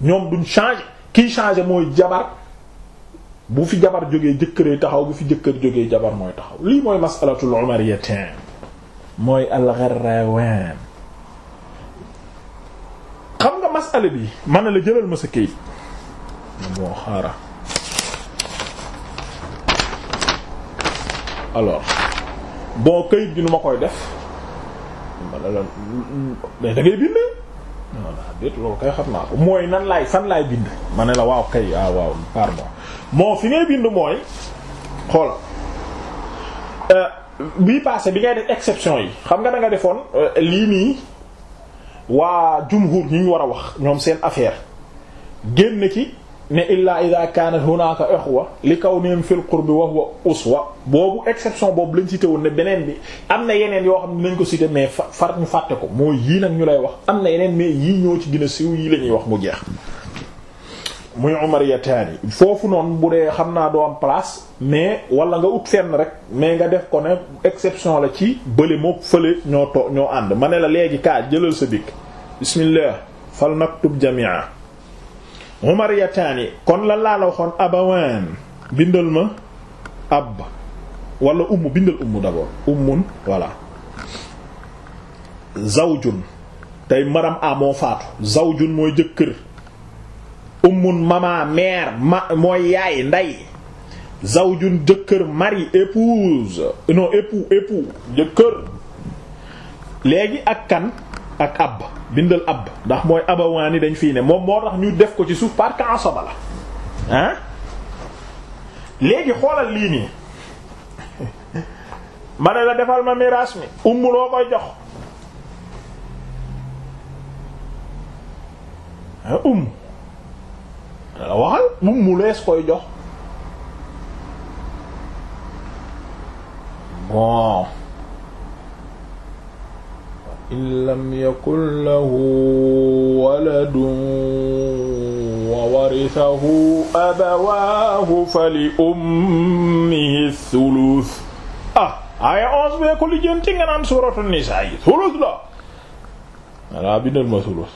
ñoom duñ changer kiy changer mooy jabar bu fi jabar jógee jëkkëree taxaw bu fi jëkkër jógee jabar mooy taxaw lii mooy masalatul umariyatin mooy algarrawan xam nga masala bi man la jëlal ma sa kayit bon xaaral alors bon kayit gi nu ma koy def ma ne la mais da ngay xam naa mooy nan laay fan laay bind ma ne la waaw kay ah waaw pardon moo fi ngay bind mooy xool euh, bii passé bi ngay def exception yi xam nga da defoon euh, lii nii waa jumhur ñi ñu war a wax ñoom seen affaire génn ci. ne illaa ida kaanat hunaka wa li kawnihim fil qurbi wa huwa wa boobu exception boobu lañ cité woon ne beneen bi am na yeneen yoo xam ne nañ ko cité mais fa far mu fàtte ko mooy yii nag ñu lay wax am na yeneen mais yii ñoo ci gën a siiw yii la ñuy wax mu jeex muy umar ya taani foofu noonu bu dee xam naa doo am mais wala nga ut fenn rek mais nga def ko ne exception la ci bële mook fële ñoo to ñoo ànd ma ne la léegi kaa jëlal sa dikk bismillah fal naktub jamia umariyataani kon lan laa la abawaan bindal ma ab wala umm bindal umm d'abord ummun voilà zawjun tey maram a faatu zawjun mooy jëkkër ummun mama mère ma mooy yaay nday zawjun jëkkër mari épouse non époux époux jëkkër léegi ak kan ak ab bindal ab ndax mooy abawaani dañ fii ne moom moo tax ñu def ko ci suuf parce que asaba la ah léegi xoolal lii nii ma la defal ma miraas mi umm loo koy jox umm waxal umm lees koy jox bon in lam yakun lahu waladun wa warisahu fa li ummihi thuluth ah aaya onze bee ko lijjanti nga naan suuratu nisaa yi thuluth la walaa bindal ma thuluth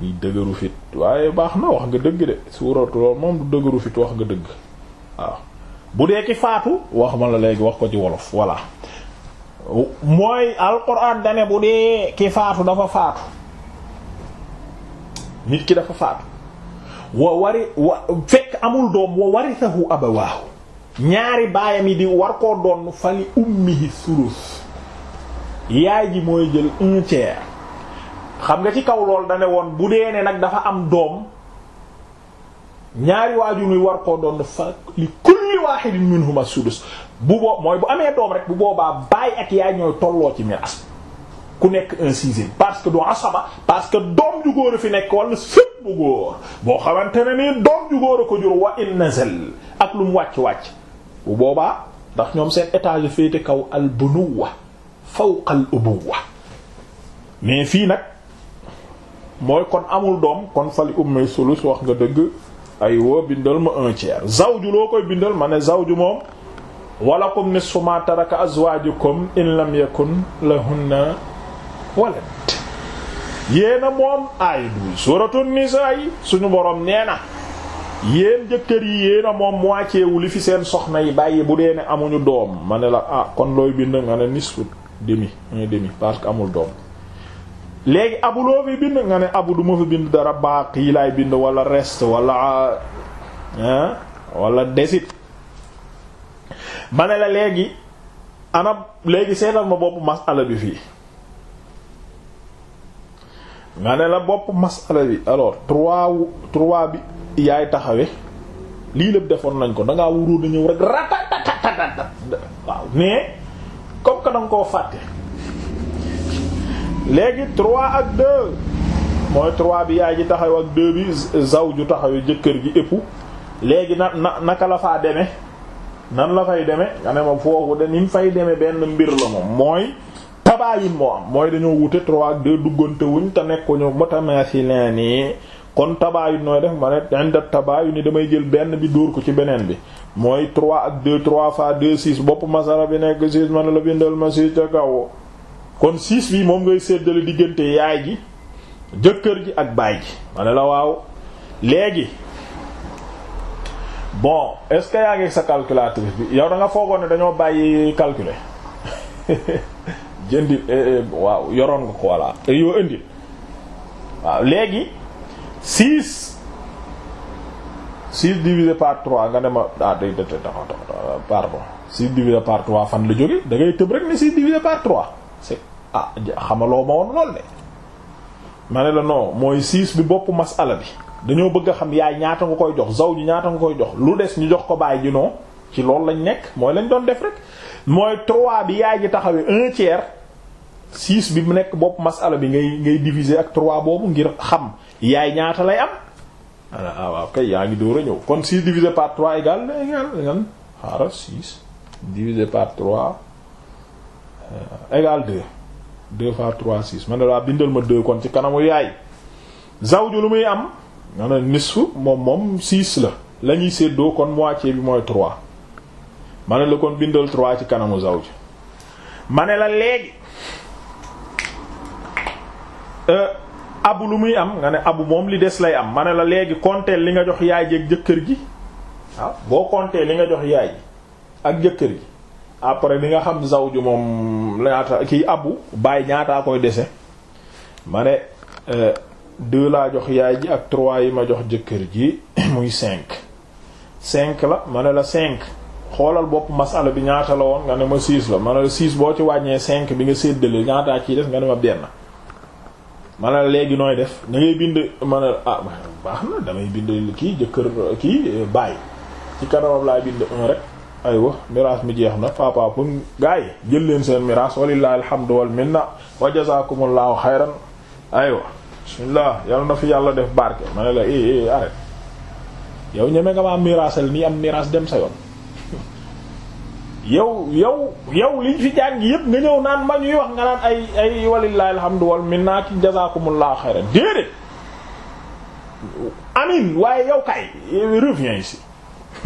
muy dëgëru fit waaye baax na wax nga dëgg de suuratu loolu moom du dëgëru fit wax nga dëgg waaw ah. bu dee ki faatu wax ma la léegi wax ko ci wolof voilà mooy alquran dane bu dee ki faatu dafa faatu nit ki dafa faatu wa wari wa fekk amul doom wa warisahu abawaahu ñaari baayam yi di war koo doon fa li ummihi sulus yaay ji mooy jël un xam nga ci kaw lool dane woon bu dee ne nag dafa am doom ñaari waajur yi war koo doon fa li kulli waahidin minhuma sulus bu boo mooy bu amee doom rek bu boobaa baay ak yaay ñooy tolloo ci miraas ku nekk un sixième parce que du asaba parce que doom ju góor a fi nekk wala sët bu góor boo xamante ne nii doom ju góor a ko jur wa in nazal ak lu mu wàcc wàcc bu boobaa ndax ñoom seen étage féete kaw al bunuwa fawqa al ubuwa mais fii nag mooy kon amul doom kon fali ummi su wax nga dëgg ay woo bindal ma un tiers zawju loo koy bindal ma ne zawju moom walakum nisfu ma taraka azwaajukum in lam yakun lahunna walad yéena moom aaya 12 suratu nisaa yi suñu boroom nee na yéen jëkkër yi yéena moom moitié wu li fi seen soxna yi bàyyi bu dee ne amuñu doom ma ne la ah kon looy bind nga ne nisfu demi un demi parce que amul doom léegi abu loo fi bind nga ne abu du fi bind dara baak yi laay bind wala reste wala ah desit ma ne la léegi anab léegi seetal ma bopp masala bi fii nga ne la bopp masala bi alors trois wu trois bi yaay taxawe lii lépp defoon nañ ko dangaa wuroo na ñëw rek ratatatatat waaw mais comme que danga koo fàtte léegi trois ak deux mooy trois bi yaay ji taxaw ak deux bi zaw ju taxawe jëkkër ji ëpp léegi na na naka la faa demee nan la fay demee nga ne ma foofu de ni mu fay demee benn mbir la moom mooy tabaayun moo am mooy dañoo wute trois ak deux duggante wuñ te nekkuñu mutamaasilaan nii kon tabaayun nooy def ma ne inda tabaayun ni damay jël benn bi dóor ko ci beneen bi mooy trois ak deux trois fois deux six bopp masara bi nekk six man la bindal ma six ca kaw kon six bi moom ngay séddale diggante yaay ji jëkkër ji ak baay ji ma la waaw léegi bon est yaa ngi sa calculatrice bi yow da nga foogoon ne dañoo bàyyi calculer jëndi eh, eh, waaw yoroon nga ko voilà te yoo indi waaw léegi six six divisé par trois nga ne ma ah day def euh, pardon six divisé par trois fan la jóge da ngay tëb rek ne six divisé par trois c'est ah xamaloo ma woon lool ne la non mooy six bi bopp masala bi. dañoo bëgg a xam yaay ñaata nga koy jox zaw ji ñaata nga koy jox lu des ñu jox ko baay ji non ci loolu lañ nekk mooy lañ doon def rek mooy trois bi yaay ji taxawee un tiers bi mu nekk bopp masala bi ngay ngay diviser ak trois boobu ngir xam yaay ñaata lay am ah waaw kay yaa ngi door a ñëw kon six divisé par trois égal égal xaaral six divisé par trois euh, égal deux deux trois six man laa bindal ma deux kon ci kanamu yaay zawju lu muy am. nga ne nisfu moom moom six la la ñuy séddoo kon moitié bi mooy trois ma la kon bindal trois ci kanamu zawj ma ne la léegi euh, abu lu muy am nga ne abu moom li des lay am ma ne la léegi konteel li nga jox yaay ji ak ah, jëkkër gi waaw boo kontee li nga jox yaay ji ak jëkkër ji après li nga xam zawj moom ñaata kii abu bàyyi ñaataa koy dese mane euh, deux laa jox yaay ji ak trois yi ma jox jëkkër ji muy cinq cinq la ma ne la cinq xoolal bopp masala bi ñaata la woon nga ne ma six la ma ne la six boo ci wàññee cinq bi nga séddale ñaataa ci def nga ne ma benn ma ne la léegi nooy def nangay bind ma ne la ah baax na damay bind kii jëkkër kii euh, bàyyi ci kanamam laay bind un rek aywa miraas mi jeex na papa pour gars jël leen seen miraas walillahi alhamdu wal minna wa jazakumullahu xayran aywa bismillah yàlla na fi yàlla def barke ma ne la eh eh, eh arrête yow ñeme nga maa miraasal nii am miraas dem sa yoon yow yow yow liñ fi jàng yépp nga ñëw naan ma ñuy wax nga naan ay ay walillahi alhamdu wal minna ki jazakumullahu xayran déedéet amin waaye yow kay reviens ici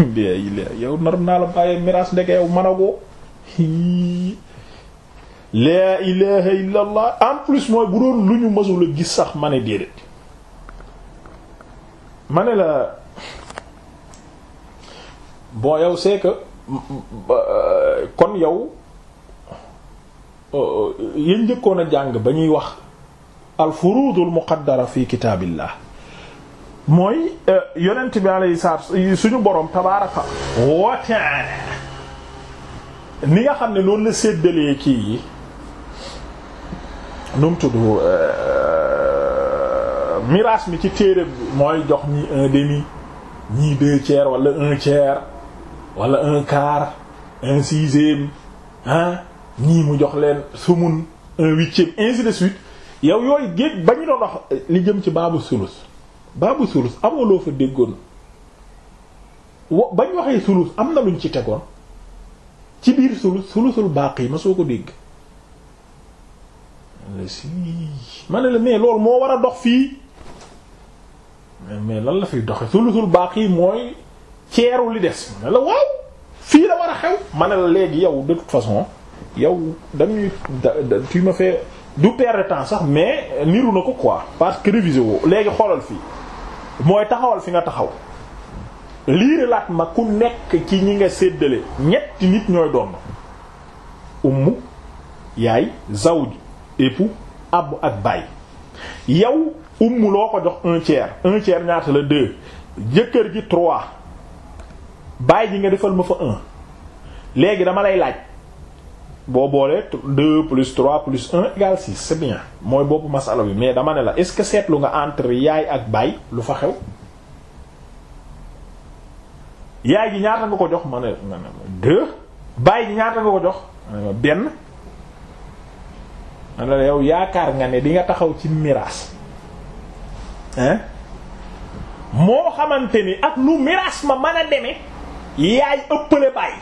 yow nar naa la bàyyee miraas ndeke yow managoo laa ilaha illa allah en plus mooy bu doon lu ñu mësul a gis sax ma ne déedéet ma ne la bon yow c'est euh, kon yow euh, euh, yéen njëkkoon a jàng ba ñuy wax al furudul muqaddara fi kitaabillah mooy yonent bi alayhi salaatu suñu borom tabaaraka wa ni nga xam ne noonu la séddalee kii yi nu mu tudd euh, miraas mi ci téere bi mooy jox ñi un demi ñii deux tiers wala un tiers wala un car un sixième ah ñii mu jox leen sumun un huitième ainsi de suite yow yooyu géej ba ñu doon li jëm ci baabu sulus baabu sulus amuloo fa déggoon wo bañ waxee sulus am na luñ ci tegoon ci biir sulus sulusul yi ma soo ko dégg Euh, ma ne si la mais loolu moo war a dox fii mais lan la fiy doxe baax baaqi mooy ceeru li des ma la waaw fii la war a xew ma ne la léegi yow de toute façon yow dañuy tu ma fais du perdre temps sax mais niru na ko quoi parce que réviser woo léegi xoolal fii mooy taxawal fi nga taxaw lii laat ma ku nekk ci ñi nga séddale ñetti nit ñooy doon ummu yaay zawj époux ab ak baay yow ummu loo ko jox un tiers un tiers ñaata la deux jëkkër ji trois baay ji nga defal ma fa un léegi dama lay laaj boo boolee deux plus trois plus un égale six c'est bien mooy boppu masala bi mais dama ne la est-ce que seetlu nga entre yaay ak baay lu fa xew yaay ji ñaata nga ko jox ma ne deux baay ji ñaata nga ko jox benn man la yow yaakaar nga ne di nga taxaw ci miraas moo xamante ni ak nu miraas ma mën a demee yaay ëppale bàyyi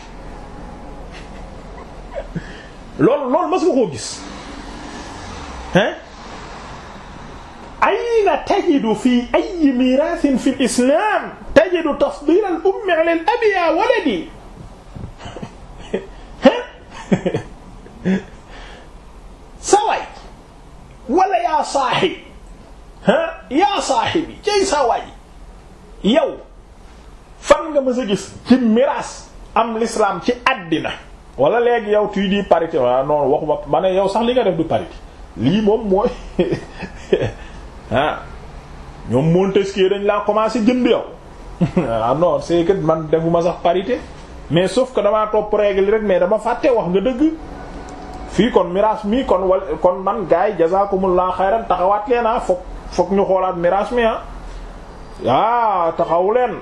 loolu loolu mas nga koo gis hein ayna tajidu fi ay miraasin fi lislaam tajidu tafdil al ummi ala al abi ya hein sawaay walla yaa saaxib ah yaa saaxib yi cay sawaay yow fan nga ma a gis ci miraas am l'islam ci àddina wala leegi yow tuy di parité wa ah, noonu waxuma ma ne yow sax li nga def du parité lii moom mooy ah ñoom Montesquieu dañ laa commencé jënd yow ah non c'est que man defuma sax parité mais sauf ko damaa topp règle rek mais dama fàtte wax nga dëgg fii kon miraas mi kon wal kon man gars yi jazakumullah xayran taxawaat leen ah foog foog ñu xoolaat miraas mi ah ah taxaw leen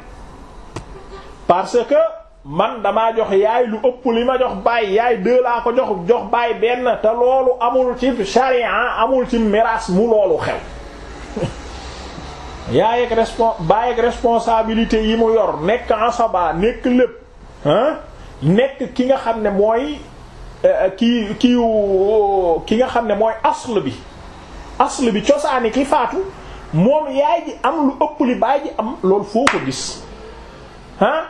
parce que man damaa jox yaay lu ëpp li ma jox baay yaay deux laa ko jox jox baay benn te loolu amul ci charia amul ci miraas mu loolu xew yaay ak respon baay ak responsabilité yi mu yor nekk asaba nekk lépp ah nekk ki nga xam ne mooy Eh, kii kii ki nga xam ne mooy asl bi asl bi cosaani ki faatu moom yaay ji am lu ëpp li baay ji am loolu foo ko gis ah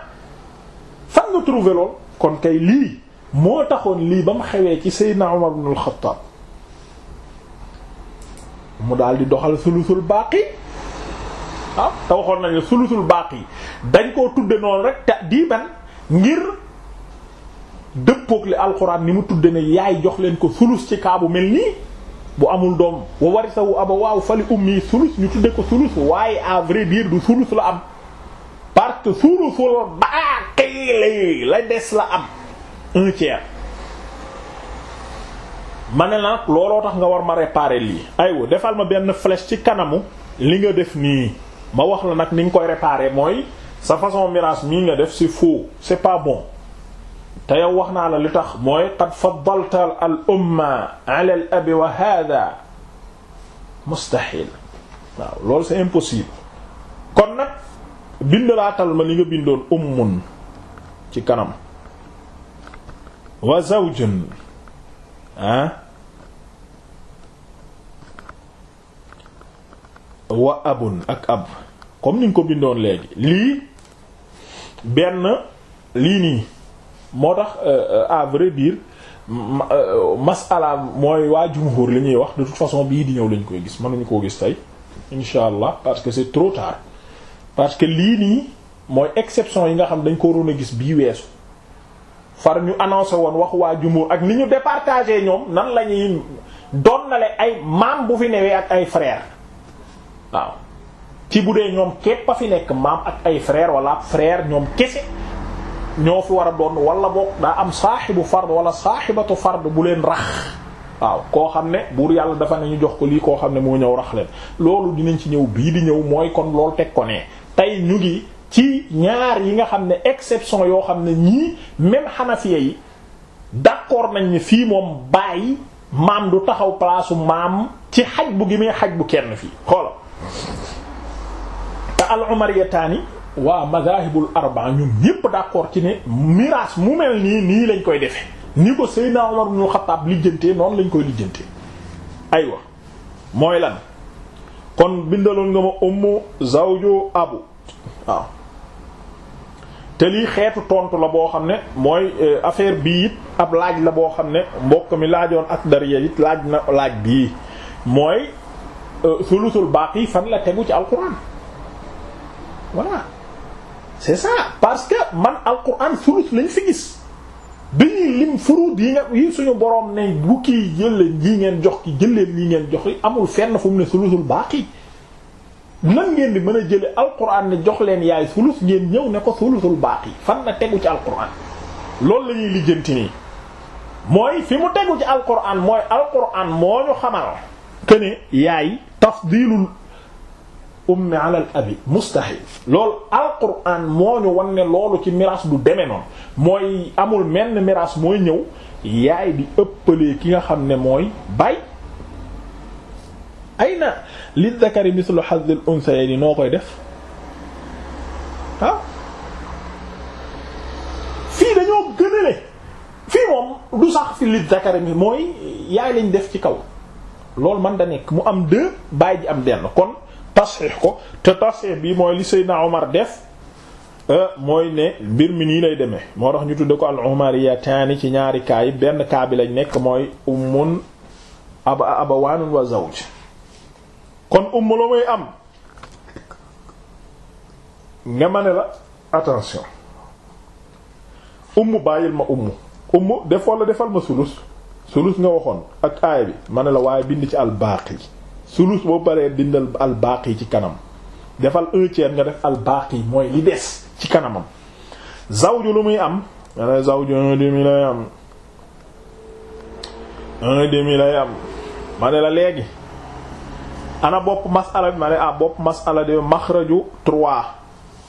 fan nga trouver lool kon kay lii moo taxoon lii ba mu xewee ci Seydina Umar ibn al mu daal di doxal sulusul baaqi ah te waxoon nañu sulusul baaqi dañ koo tudde noonu rek te diiban ngir dëppook li alquran ni mu tudde ne yaay jox leen ko sulus ci kaabu mel nii bu amul doom wa warisahu abawaahu fali ummi sulus ñu tudde ko sulus waaye à biir dire du sulus la am parce que sulusul baaqi la des la am un tiers ma ne la looloo tax nga war ma réparer lii aywa defal ma benn flèche ci kanamu li nga def nii ma wax la nag ni nga koy réparer mooy sa façon miraas mii nga def c'est faux c'est pas bon te yow wax naa la li tax mooy qad faddalta al umma ala al wa hada mustahil waaw loolu impossible kon nag bindalaatal ma li nga bindoon ummun ci kanam wa zawjun ah wa abun ak ab comme ni nga ko bindoon léegi lii benn lii nii moo tax euh, euh, à vrai dire euh, masala mooy waa jumhur li ñuy wax de toute façon bii di ñëw lañ koy gis mënuñu koo gis tey insha allah parce que c'est trop tard parce que lii nii mooy exception yi nga xam dañ ko waroon a gis bii weesu far ñu annoncé woon wax waa jumhur ak ni ñu départagé ñoom nan la ñuy doon nale ay maam bu fi newee ak ay frère waaw ci bu dee ñoom képp a fi nekk maam ak ay frère wala frère ñoom kese ñoo fi war a doon wala boog daa am saaxibu fard wala saaxibatu fard bu leen rax waaw koo xam ne buur yàlla dafa ne ñu jox ko lii koo xam ne moo ñëw rax leen loolu dinañ ci ñëw bii di ñëw mooy kon loolu teg ko ne tey ñu ngi ci ñaar yi nga xam ne exception yoo xam ne ñii même xanafiya yi d'accord nañ ne fii moom bàyyi maam du taxaw palaasu maam ci xaj bu gi muy xaj bu kenn fii xoola te al umariyataani waa madahibul arba ñun ñépp d'accord ci ne miraas mu mel nii nii lañ koy defe ni ko Seydina Umar ibn Xattaab lijjantee noonu lañ koy lijjantee aywa mooy lan kon bindaloon nga ma ummu zawju abu te lii xeetu tontu la boo xam ne mooy eh, affaire bii it ab laaj la boo xam ne mbokk mi laajoon ak dariya it laaj na laaj bii mooy eh, sulusul baaqi fan la tegu ci alquran voilà c'est ça parce que man alquran sulus lañ fi gis dañuy lim furuut yi nga yi suñu borom ne bu kii jëlleen yi ngeen jox ki jëlleen yi ngeen jox yi amul fenn fu mu ne sulusul baaqi nan ngeen di mën a jële alquran ne jox leen yaay sulus ngeen ñëw ne ko sulusul baaqi fan na tegu ci alquran loolu la ñuy lijjanti nii mooy fi mu tegu ci alquran mooy alquran moo ñu xamal que yaay tafdilul ummi ala al abi loolu alquran moo ñu wan loolu ci miraas du deme noonu mooy amul menn miraas mooy ñëw yaay di ëppalee ki nga xam ne mooy baay ay na li zakari mislu hazzil unsayni noo koy def ah? fii dañoo sax fi li zakari mooy yaay lañ def ci kaw loolu man da nekk mu am deux baay ji am benn kon tasxiix ko te tasxiix bi mooy li Seydina Omar def euh, mooy ne mbir mi nii lay demee moo tax ñu tudde ko al umariyataani ci ñaari kaa yi benn kaa bi lañ nekk mooy ummun aba abawaanun wa zawj kon umm la mooy am nga ma ne la attention umm bàyyil ma umm umm def wala defal ma sulus sulus nga waxoon ak aay bi ma ne la waaye bind ci al baaqi sulus boo paree bindal al baaqi ci kanam defal un tiers nga def al baaqi mooy li des ci kanamam zawju lu muy am nga ne zawju un demi lay la léegi ana bopp masala bi ma ne ah bopp masala de maxraju trois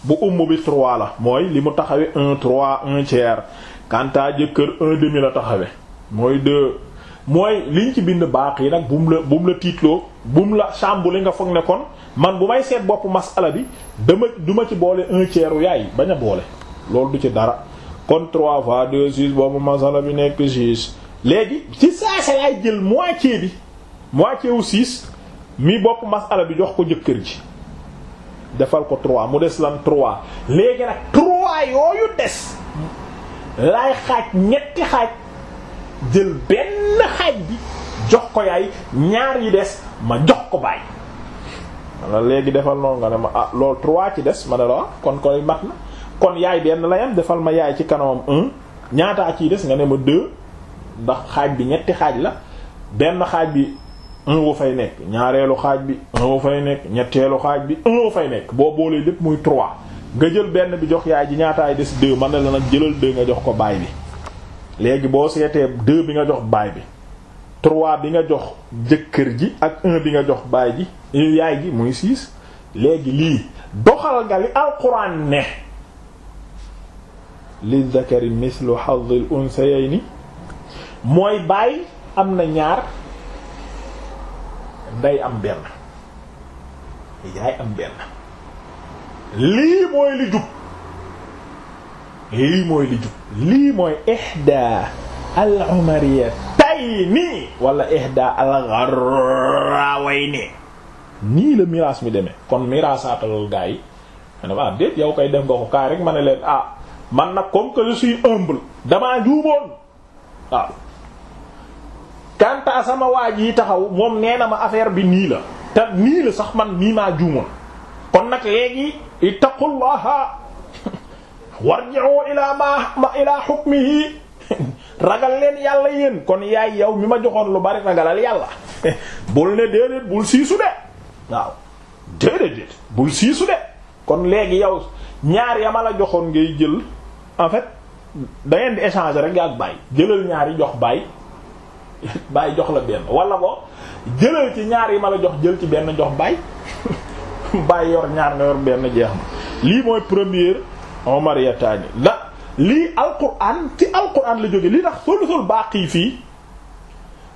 bu umm bi trois la mooy li mu taxawe un trois un tiers quant à jëkkër un demi la taxawe mooy deux mooy liñ ci bind baax yi nag bu mu la bu mu la tiitloo bu mu la chamboulé nga foog nekkoon man bu may seet bopp masala bi dama du ma ci boole un tiers yaay bañ a boole loolu du ci dara kon 3 fois 2 6 boppu masala bi nekk 6 léegi ci saasa yaay jël moitié bi moitié wu 6 mi bopp masala bi jox ko jëkkër ji defal ko 3 mu des lan 3 léegi nag 3 yooyu des laay xaaj ñetti xaaj jël benn xaaj bi jox ko yaay ñaar yi des ma jox ko baay wala léegi defal noonu nga ne ma ah loolu trois ci des ma ne la ah, kon koy mat kon yaay benn la yam defal ma yaay ci kanamam ñaataa ciy des nga ne ma deux ndax xaaj bi ñetti xaaj la benn xaaj bi un wu fay ñaareelu xaaj bi un wu fay ñetteelu xaaj bi un fay nekk boo boolee lépp muy trois nga jël benn bi jox yaay ji ñaataay des man ne la nag jëlal deux nga jox ko baay bi léegi boo seetee deux bi nga jox baay bi trois bi nga jox jëkkër ji ak un bi nga jox baay ji yaay ji muy six léegi lii doxal nga li alquran ne li zakari mislu hazzil unsayayni mooy baay am na ñaar day am benn yaay am benn lii mooy li jub lii mooy li jub lii mooy ihda al umariyatayni wala ihda al gharrawayni nii la miraas mi demee kon miraasatalal gaa yi ma ne ah, ah, man nag comme que je suis damaa juumoon waaw ah. sama waaj yi taxaw moom nee na ma affaire bi nii la te nii la sax man nii maa juumoon kon nag léegi ittaqullaha warji'u ilaa ma ilaa hukmihi ragal leen yàlla yéen kon yaay yow mi ma joxoon lu bari ragalal yàlla bul ne déedéet bul siisu de waaw déedéet déet bul siisu de kon léegi yow ñaar ya ma la joxoon ngay jël en fait da di échanger rek ak bàyyi jëlal ñaari jox bàyyi bàyyi jox la benn wala bo jëlal ci ñaar yi ma la jox jël ci benn jox bàyyi bàyyi yor ñaar nga yor benn jeex na lii mooy première omar yataani la lii alquran ci alquran la jóge li tax sulusul baaqi fii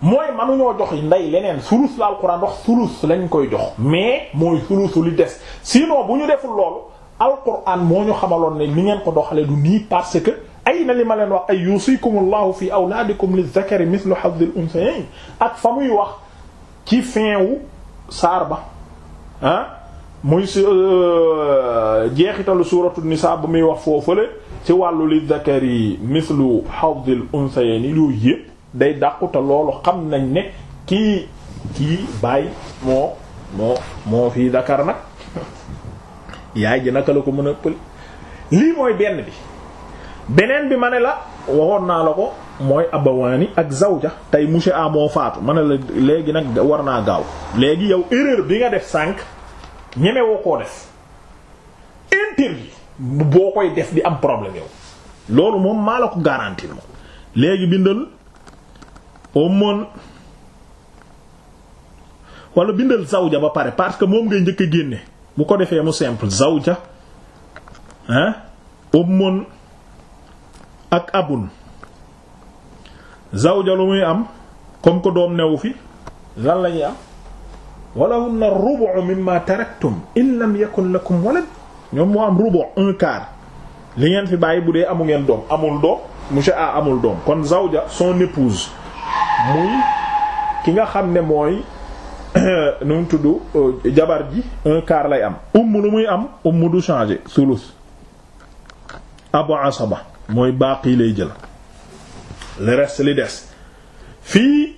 mooy manuñoo jox ndey leneen sulus la alquran wax sulus lañ koy jox mais mooy sulusu li des sinon bu ñu deful loolu alquran moo ñu xamaloon ne li ngeen ko doxale du nii parce que ay na li ma leen wax ay yusikumullahu fi awlaadikum lizakari mithlu hazzil unsayayn ak fa muy wax ci fin wu saar ba ah muy si euh, jeexitalu suuratu nisaa bu muy wax foofale ci wàllu li zakari mislu hawdil unsayni yooyu yëpp day dàquta loolu xam nañ ne kii kii bàyyi moo moo moo fii zakar nag yaay ji naka la ko mën a pël lii mooy benn bi beneen bi ma ne la waxoon naa la ko mooy abawaani ak zawja tey monsieur a moo faatu ma ne la léegi nag war naa gaaw léegi yow erreur bi nga def sànq ñeme woo koo def interdit boo koy def di am problème yow loolu moom maa la ko garantir moom léegi bindal amoon wala bindal zawja ba pare parce que moom ngay njëkk a génne bu ko defee mu simple zawja ah ummun ak abun zawja lu muy am comme que doom newu fi lan la am walahunna rubu' mimma taraktum in lam yakun lakum walad ñoom moo am rubu' un quart li ngeen fi bàyyi bu dee amu ngeen doom amul doom monsieur A amul doom kon zawja son épouse muy ki nga xam ne mooy nu mu tudd euh, jabar ji un quart lay am umm lu muy am umm du changer sulus abu asaba mooy baaqi jël le reste li des fii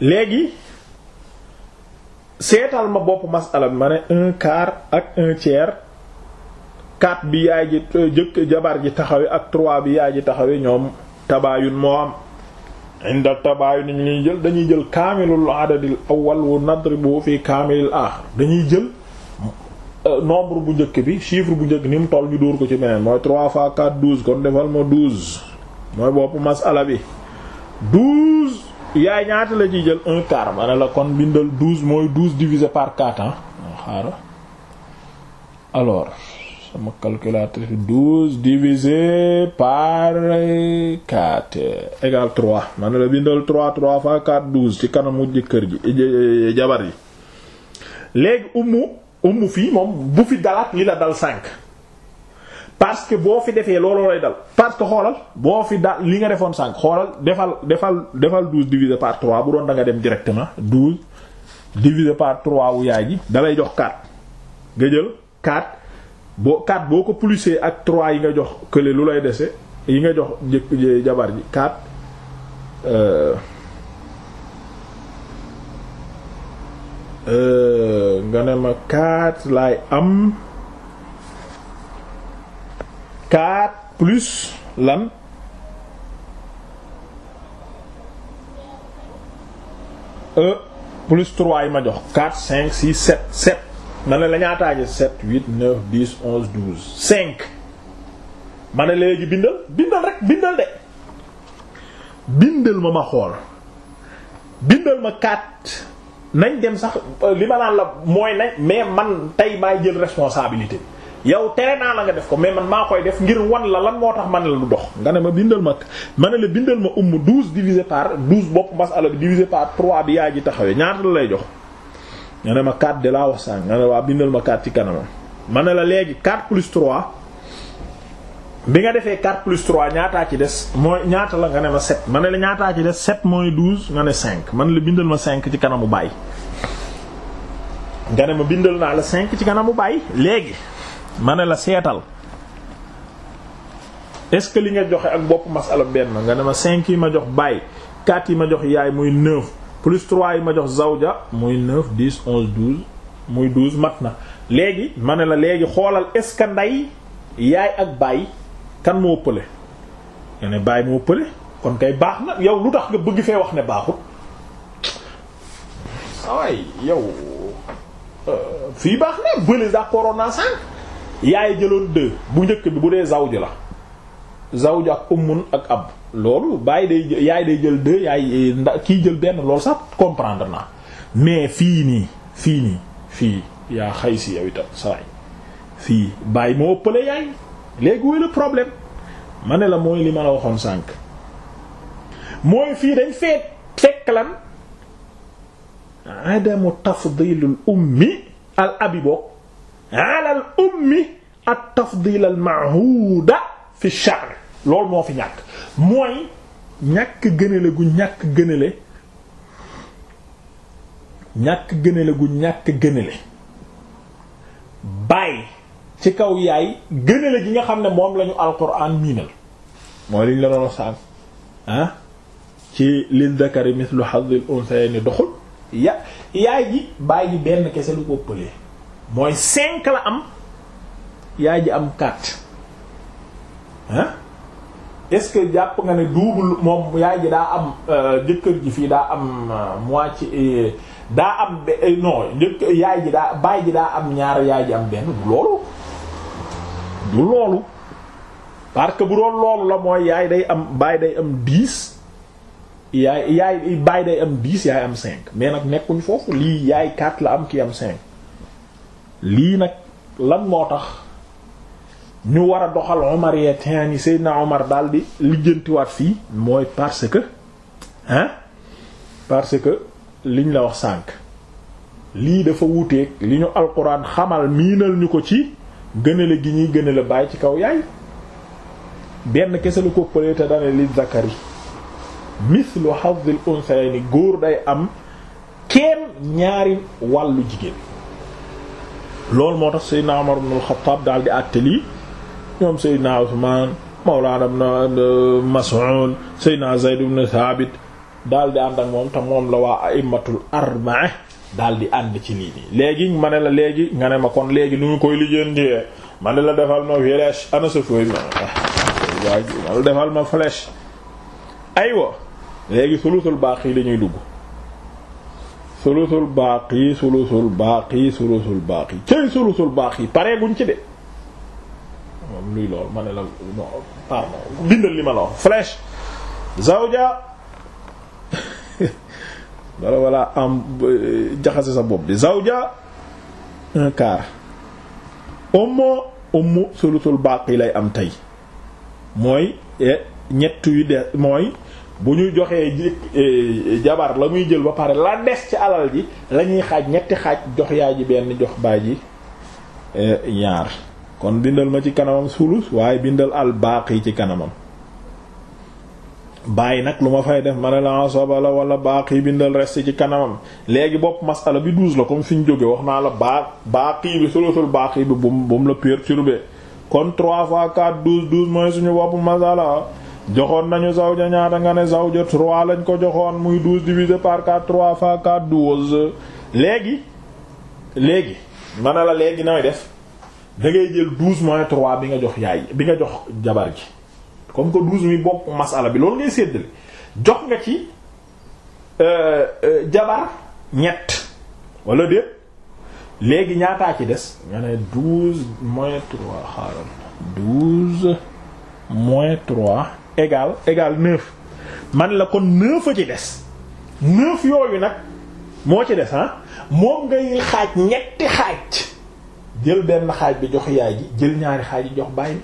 léegi seetal ma bopp masala bi ma ne un quart ak un tiers quatre bi yaay ji euh, jëkk jabar ji taxawe ak trois bi yaay ji taxawe ñoom tabaayun moo am inda tabaayun ñu ñuy jël dañuy jël kaamilul adadil awwal wa nadribu fi kaamilil aaxir dañuy jël euh, nombre bu njëkk bi chiffre bu njëkk ni mu toll ñu dóor ko ci beneen mooy trois fois quatre douze kon defal ma mooy bopp masala bi yaay ñaata la ciy jël un quart ma ne la kon bindal douze mooy douze divisé par quatre ah xaaral alors sama calculatrice douze divisé par quatre égal trois ma ne la bindal trois trois fois quatre douze ci kanamu jëkkër ji jabar yi léegi ummu ummu fii moom bu fi dalaat li la dal cinq. parce que boo fi defee looloo lay dal parce que xoolal boo fi daal li nga defoon sànq xoolal defal defal defal douze divisé par trois bu doon da dem directement douze divisé par trois wu yaay dalay jox quatre nga jël quatre boo quatre boo ko plusé ak trois yi nga jox kële lu lay dese yi nga jox jëkk jabar ji quatre euh, euh, nga ne ma quatre laay am 4 plus lan e plus 3 yi ma jox 4 5 6 7 7 ma la ñaataaje 7 8 9 10 11 12 5 ma ne léegi bindal bindal rek bindal de bindal ma ma xool bindal ma 4 nañ dem sax euh, li ma naan la mooy nañ mais man tey maay jël responsabilité yow tere naa la nga def ko mais man maa koy def ngir wan la lan moo tax man la du dox nga ne ma bindal ma ma ne la bindal ma umm douze divisé par douze bopp masala bi divisé par trois bi yaa ji taxawee ñaata la lay jox nga ne ma 4 de la wax sànq nga waa bindal ma 4 ci kanamam ma ne la léegi 4 plus 3 bi nga defee 4 plus ñaataa ci des mooy ñaata la nga ne ma 7 la ñaataa ci des 7 mooy 12 nga ne 5 man la bindal ma 5 ci kanamu bàyyi. nga ne ma bindal naa la 5 ci kanamu bàyyi léegi ma ne la seetal est-ce que li nga joxe ak bopp masala benn nga ne ma cinq yi ma jox baay quatre yi ma jox yaay muy neuf plus trois yi ma jox zawja muy neuf dix onze douze muy douze mat na léegi ma ne la léegi xoolal est-ce que ndey yaay ak baay kan moo ëppale nga ne baay moo ëppale kon kay baax na yow lu tax nga bëgg fee wax ne baaxul waaye yow euh, fii baax na bële d'accord naa sànq yaay jëloon deux bu njëkk bi bu dee zawju la zawju ak ummun ak ab loolu bàyyi day yaay day jël deux yaay eh, ndax kii jël benn loolu sax comprendre naa mais fii nii fii nii fii yaa xay si yow itam fii bàyyi moo ëppale yaay léegi wéy la problème ma ne la mooy li ma la waxoon sànq mooy fii dañ fee fekk lan adamu tafdilul ummi al abi ala al ummi at tafdil al fi sha'n loolu moo fi ñàkk mooy ñàkk gënale gu ñàkk gënale bàyyi ci kaw yaay gënale gi nga xam ne moom lañu alquran miinal mooy liñ la doon saan ah, ci lil dakari mithlu hadhil unsayni doxul ya yaay ji bàyyi benn kese lu ko pëlee mooy cinq la am yaay ji am quatre hein est-ce que jàpp nga ne double moom yaay ji daa am euh, jëkkër ji fii daa am euh, mois ci euh, daa am non jëkk yaay ji daa baay ji daa am ñaar yaay ji am benn du loolu du loolu parce que bu doon loolu la mooy yaay day am baay day am dix yaay yaay baay day am dix yaay am cinq mais nag nekkuñ foofu lii yaay quatre la am ki am cinq lii nag lan moo tax ñu war doxal Omar yee teen yi Seydina Omar daal lijjantiwaat fii mooy parce que liñ la wax sànq lii dafa wuuteeg li ñu alquran xamal miinal ñu ko ci gënale gi ñuy gënale bàyyi ci kaw yaay benn kese lu ko pëlee te dane li zakari mithlu hazzil unsayni góor day am kenn ñaari wàllu jigéen loolu moo tax Seydina Umar ibn al-Khattab daal di àtte lii ñoom Seydina Usmaan Mawlaana ibn Mas'ud Seydina Zayd ibn Thabit daal di ànd ak moom te moom la waa a'immatul arba'a daal di ànd ci lii nii léegi ma ne la léegi nga ne ma kon léegi nu ngi koy lijjantee ma ne la defal ma flèche ana sa fooy ma waaye ma defal ma flèche aywa léegi sulusul baaqi la ñuy dugg. sulusul baaqi sulusul baaqi sulusul baaqi cëy sulusul baaqi pare guñ ci de moom luy lool ma la non pardon bindal li ma la wax flèche zawja wala wala am jaxase sa bopp bi zawja un quart ummu ummu sulusul baaqi lay am tey mooy eh, ñett yu de mooy bu ñu joxee eh, jabar la muy jël ba pare la des ci alal ji lañuy xaaj ñetti xaaj jox yaay ji benn jox baay ji eh, ñaar kon bindal ma ci kanamam sulus waaye bindal al baaqi ci kanamam bàyyi nag lu ma fay def ma ne la asaba la wala baaqi bindal reste ci kanamam léegi bopp masala bi douze la comme fi ñu jóge wax naa la baa baaqi bi sulusul baaqi bi bu mu la perturbé kon trois fois quatre douze douze mooy suñu bopp masala joxoon nañu zawja ñaata nga ne zawja trois lañ ko joxoon muy douze divisé par quatre trois fois quatre douze léegi léegi ma ne la léegi nooy def da ngay jël douze moins trois bi nga jox yaay bi nga jox jabar ji comme que douze mi bokk masala bi loolu ngay séddale jox nga ci euh, euh, jabar ñett wala déet léegi ñaataa ci des nga ne douze moins trois xaaral douze moins trois égal égal neuf man la kon neuf a ci des neuf yooyu nag moo ci des ah moom ngay xaaj ñetti xaaj jël benn xaaj bi jox yaay ji jël ñaari xaaj yi jox baay bi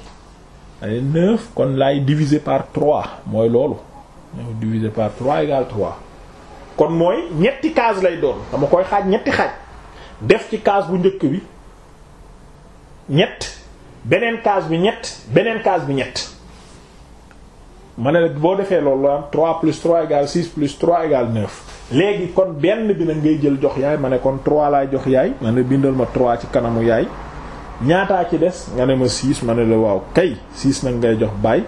allez kon lay diviser par trois mooy loolu ñoo diviser par trois égal trois kon mooy ñetti kaas lay doon dama koy xaaj ñetti xaaj def ci case bu njëkk bi ñett beneen case bi ñett beneen case bi ñett ma ne boo defee loolu loo am 3 plus 3 égale plus 3 égale léegi kon benn bi nag ngay jël jox yaay ma ne kon 3 laay jox yaay ma ne bindal ma 3 ci kanamu yaay ñaataa ci des nga ne ma 6 ma ne la waaw kay 6 nag ngay jox baay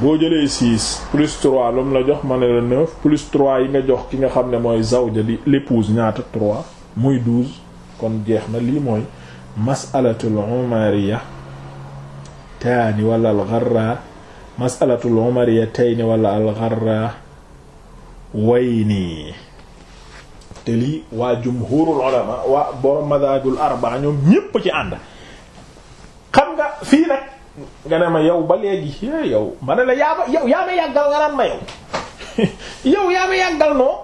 boo jëlee 6 plus 3 lu la jox ma ne la 9 plus 3 yi nga jox ki nga xam ne mooy zawja li l'épouse ñaata 3 muy 12 kon jeex na lii mooy masalatul umariya taani wala al gharra masalatul umariyatayni wala alxarra way nii te lii waa jumhurul ulama waa borom madhabul arba ñoom ñépp ci ànd xam nga fii nag nga ne ma yow ba léegi yow ma ne la yaa ma yow yaa ma yàggal nga naan ma yow yow yaa yàggal noo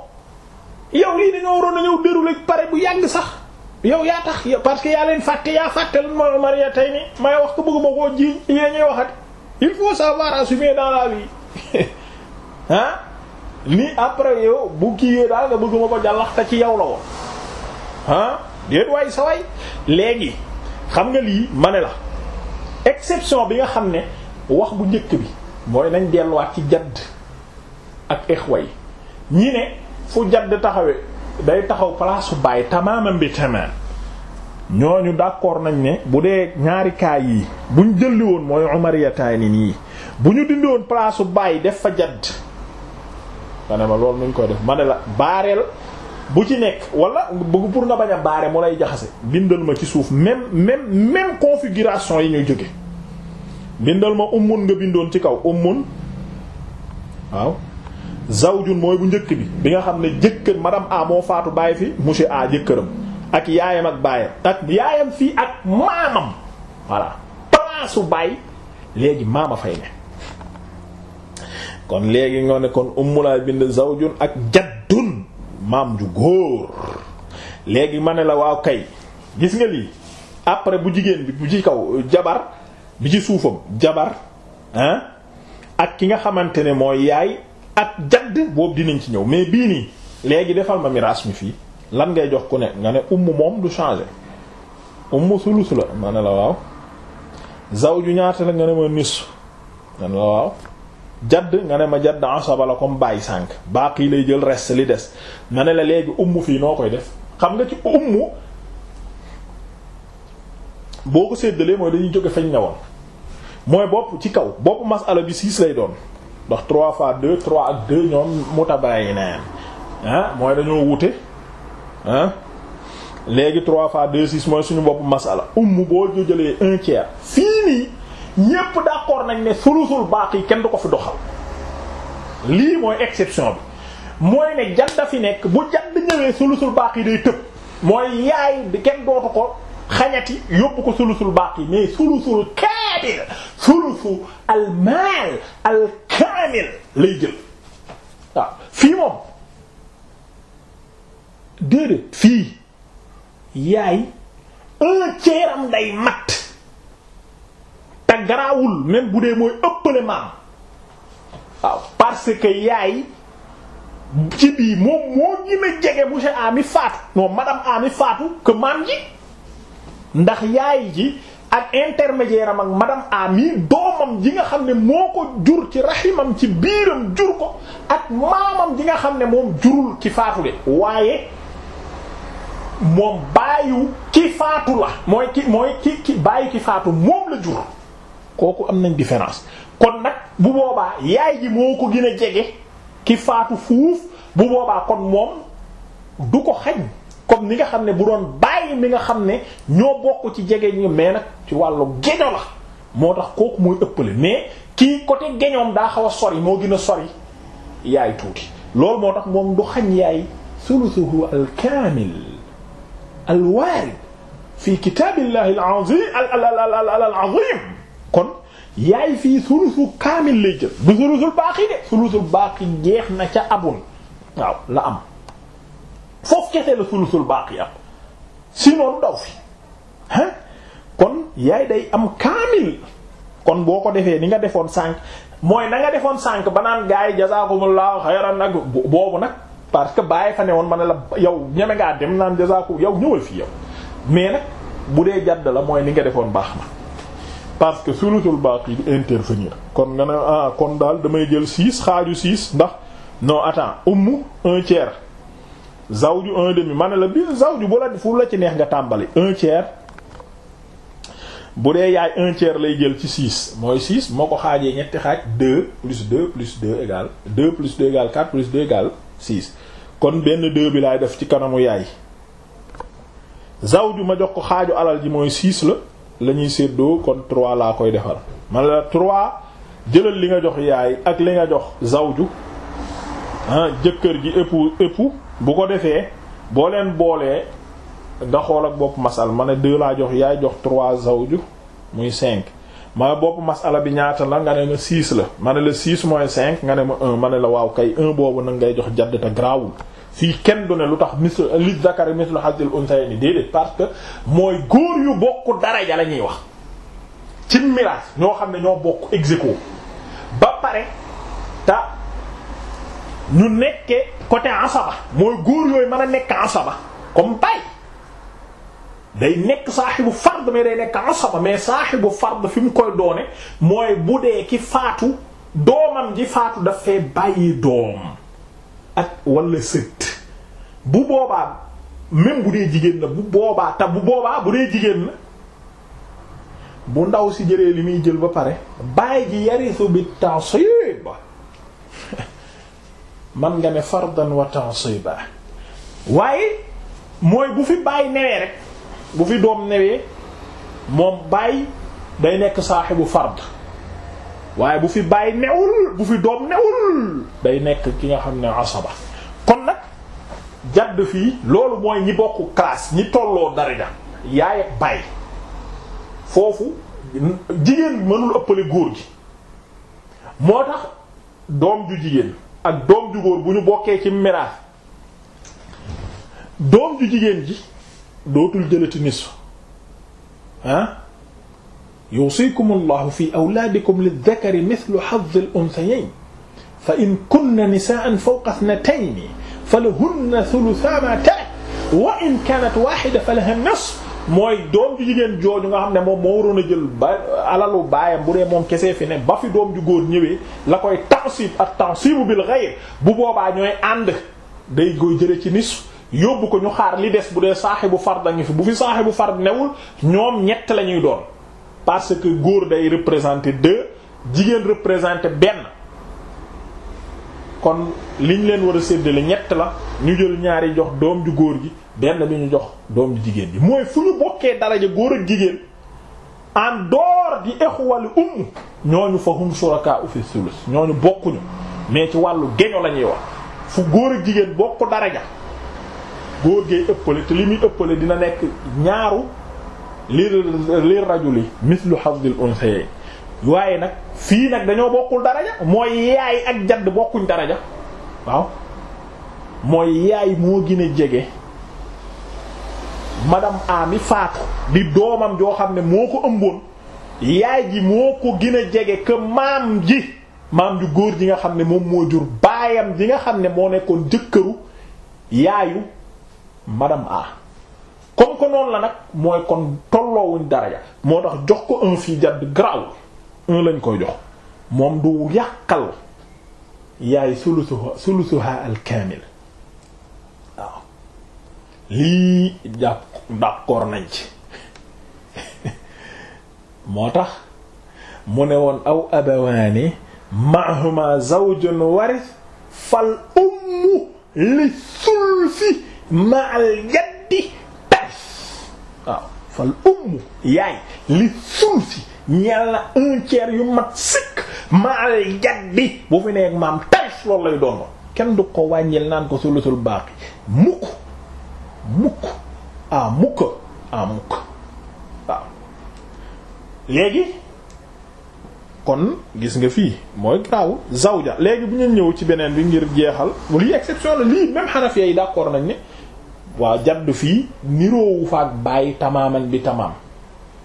yow lii dañoo waroon a ñëw déroulé pare bu yàgg sax yow yaa tax parce que yaa leen fàtte yaa fàtte lu ma umariyatayni may wax bëgguma koo ji yee ñuy waxat il faut savoir assumer dans la vie ah ni après yow bu kiiyee daal nga bëgguma ko jàllax te ci yow la woon déet waay sa waay léegi xam nga lii ma ne la exception bi nga xam ne wax bu njëkk bi mooy nañ delluwaat ci jadd ak exwa yi ñi ne fu jadd taxawe day taxaw palaasu su bàyyi tamaamam bi tamaam ñooñu d'accord nañ ne bu dee ñaari kaay yi buñ jëlli woon mooy umariyatayn nii bu ñu dindi woon place bàyyi def fa jadd nga ma loolu nuñ koy def ma ne la baareel bu ci nekk wala bëgg pour nga bañ a baare mu lay jaxase bindal ma ci suuf même même même configuration yi ñu jóge bindal ma ummun nga bindoon ci kaw ummun waaw zawjun mooy bu njëkk bi bi nga xam ne jëkkër madame a moo faatu bàyyi fi monsieur a jëkkëram ak yaayam ak baayam ak yaayam fii ak maamam voilà palaasu baay léegi maama fay ne kon léegi nga ne kon ummu laa bind zawjun ak jaddun maam ju góor léegi ma ne la waaw kay gis nga lii après bu jigéen bi bu ci kaw jabar bi ci suufam jabar hein ak ki nga xamante ne mooy yaay ak jadd boobu dinañ ci ñëw mais bii nii léegi defal ma miraas mi fii lan ngay jox ku ne nga ne umm moom du changer umm sulus la ma ne la waaw zawju ñaata la nga ne ma nis nga ne la waaw jadd nga ne ma jadd asaba la kom bàyyi sànq baaq yi lay jël reste li des ma ne la léegi umm fii noo koy def xam nga ci umm boo ko séddalee mooy dañuy jóge fañ ne woon mooy bopp ci kaw bopp masala bi six lay doon ndax trois fois deux trois ak deux ñoom mutabayyinaan ah mooy dañoo wute ah léegi trois fois deux six mooy suñu bopp masala umm boo jëlee un tiers fii nii ñépp d'accord nañ ne sulusul baax yi kenn du ko fi doxal lii mooy exception bi mooy ne jadda fi nekk bu jadd ñëwee sulusul baax yi day tëb mooy yaay bi kenn dootu ko xañati yóbbu ko sulusul baax yi mais sulusul kaamil sulusu al maal al kaamil lay jël waaw fii moom déedéet fii yaay un tiers am day mat te garaawul même bu dee mooy ëppale maam waaw parce que yaay ci bii moom moo ñi ma jege monsieur ami faatu non ami faatu que ji ndax yaay ji ak intermédiaire am ak madame ami doomam ji nga xam ne moo ko jur ci raximam ci biiram jur ko ak maamam ji nga xam ne moom jurul ci faatu de waaye moom baayu ki faatu la mooy ki mooy ki ki baayu ki faatu moom la jur kooku am nañ différence kon nag bu boobaa yaay ji moo ko gën a jege ki faatu fuuf bu boobaa kon moom du ko xañ comme ni nga xam ne bu doon bàyyi mi nga xam ne ñoo bokk ci jege ñu mais nag ci wàllu geño la moo tax kooku mooy ëppale mais kii côté geñoom daa xaw a sori moo gën a sori yaay tuuti loolu moo tax moom du xañ yaay sulusuhu al kaamil alwaari fi kitaabillahi al-azim al-azim kon yaay fii sulusu kaamil lay jël du sulusul baaqi de sulusul baaqi jeex na ca abun waaw la am foofu kese la sulusul baaqi am sinon daw fi ah kon yaay day am kaamil kon boo ko defee ni nga defoon sànq mooy na nga defoon sànq ba naan gaa yi jazakumullahu xayran nag boobu nag parce que bàyyi fa ne woon ma ne la yow ñeme ngaa dem naan jazaku yow ñëwal fii yow mais nag bu dee jadd la mooy li nga defoon baax na parce que sulutul baaqi du intervenir kon nga ne ah kon daal damay jël six xaaju six ndax non attends ummu un tiers zawju un demi ma ne la bi zawju bu la fu la ci neex nga tàmbali un tiers bu dee yaay un tiers lay jël ci six mooy six moo ko xaajee ñetti xaaj deux plus deux plus deux égale deux plus deux égale quatre plus deux égale six kon benn deux bi laay def ci kanamu yaay zawju ma jox ko xaaju alal ji mooy six la lañuy ñuy séddoo kon trois laa koy defal man la trois jëlal li nga jox yaay ak li nga jox zawju ah jëkkër ji époux époux bu ko defee boo leen boolee nga xool ak bopp masal ma ne deux laa jox yaay jox trois zawju muy cinq ma bopp masala bi ñaata la nga ne ma 6 la ma ne la 6 mooy 5 nga ne ma 1 ma ne la waaw kay 1 boobu nag ngay jox jadd te grawul fii kenn du ne lu tax misl li zakari a hazil unsayni déedéet parce que mooy góor yu bokk dara la ñuy wax ci miraas ñoo xam ne ñoo bokk ex ba pare ta ñu nekkee côté asaba mooy góor yooyu mën a nekk asaba comme bay day nekk saaxibu fard mais day nekk asaba mais saaxibu fard fi mu koy doone mooy bu dee ki faatu doomam ji faatu daf fee bàyyi doom ak wala sët bu boobaa même bu dee jigéen la bu boobaa bu dee jigéen bu ndaw si jëlee li muy jël ba pare bàyyi ji yarisu bi ta'sib man nga ne fardan wa ta'siba waaye mooy bu fi bàyyi newee rek bu fi doom newee moom baay day nekk saaxibu fard waaye bu fi baay newul bu fi doom newul day nekk ki nga xam ne asaba kon nag jadd fii loolu mooy ñi bokk classe ñi tolloo daraja yaay ak foofu jigéen mënul ëppale góor gi moo tax doom ju jigéen ak doom ju góor bu ñu bokkee ci miraas doom ju jigéen ji dootul jëlati nisf ah yusikum allahu fi awlaadikum lildakari mithlu hadd al unthayayn fa in kunna nisaan fawqa ithnatayni falahunna thulutha ma tarak wa in kanat wahida falaha nisf mooy doom ju jigéen jooju nga xam ne moom moo waroon a jël ba alalu baayam bu moom kese fi ne ba fi doom ju góor ñëwee la koy tansib ak tansibu bil ghayr bu boobaa ñooy ànd day koy jële ci yóbbu ko ñu xaar li des bu dee saaxibu fard a ngi fi bu fi saaxibu fard newul ñoom ñett la ñuy doon parce que góor day représenter deux jigéen représenter benn kon liñ leen war a séddale ñett la ñu jël ñaari jox doom ju góor gi benn bi ñu jox doom jigéen ji mooy fu ñu bokkee daraja góor ak jigéen en dehors di exuwali umm ñooñu fa hum shuraka fi sulus ñooñu bokkuñu mais ci wàllu geño la ñuy wax fu góor ak jigéen bokk daraja góor gee ëppale te li muy ëppale dina nekk ñaaru li li rajuli mislu hazil unsay waaye nag fii nag dañoo bokkul daraja mooy yaay ak jadd bokkuñ daraja waaw mooy yaay moo gën a jege madame A mi faatu di doomam joo xam ne moo ko ëmboon yaay ji moo ko gën a jege que maam ji maam ju góor ji nga xam ne moom moo jur baayam ji nga xam ne moo nekkoon jëkkëru yaayu madame A comme que noonu la nag mooy kon tolloowuñ daraja moo tax jox ko un fi jadd graw un lañ koy jox moom du yàqal yaay sulusuha sulusuha al kaamil waaw lii jàpp d'accord nañ ci moo tax mu ne woon aw abawaani ma'huma zawjun waris fal ummu li sulsi maal jaddi taris waaw fal ummu yaay li sulsi ñeel na un tiers yu mat sikk maal jaddi bu fi nekk maam taris loolu lay doon kenn du ko wàññil naan ko sulusul baaqi mukk mukk a mukk a mukk léegi kon gis nga fii mooy graw zawja léegi bu ñu ñëw ci beneen bi ngir jeexal lii exception la lii même Hanafi yi d'accord nañ ne waaw jadd fii niroowu faak bàyyi tamaaman bi tamaam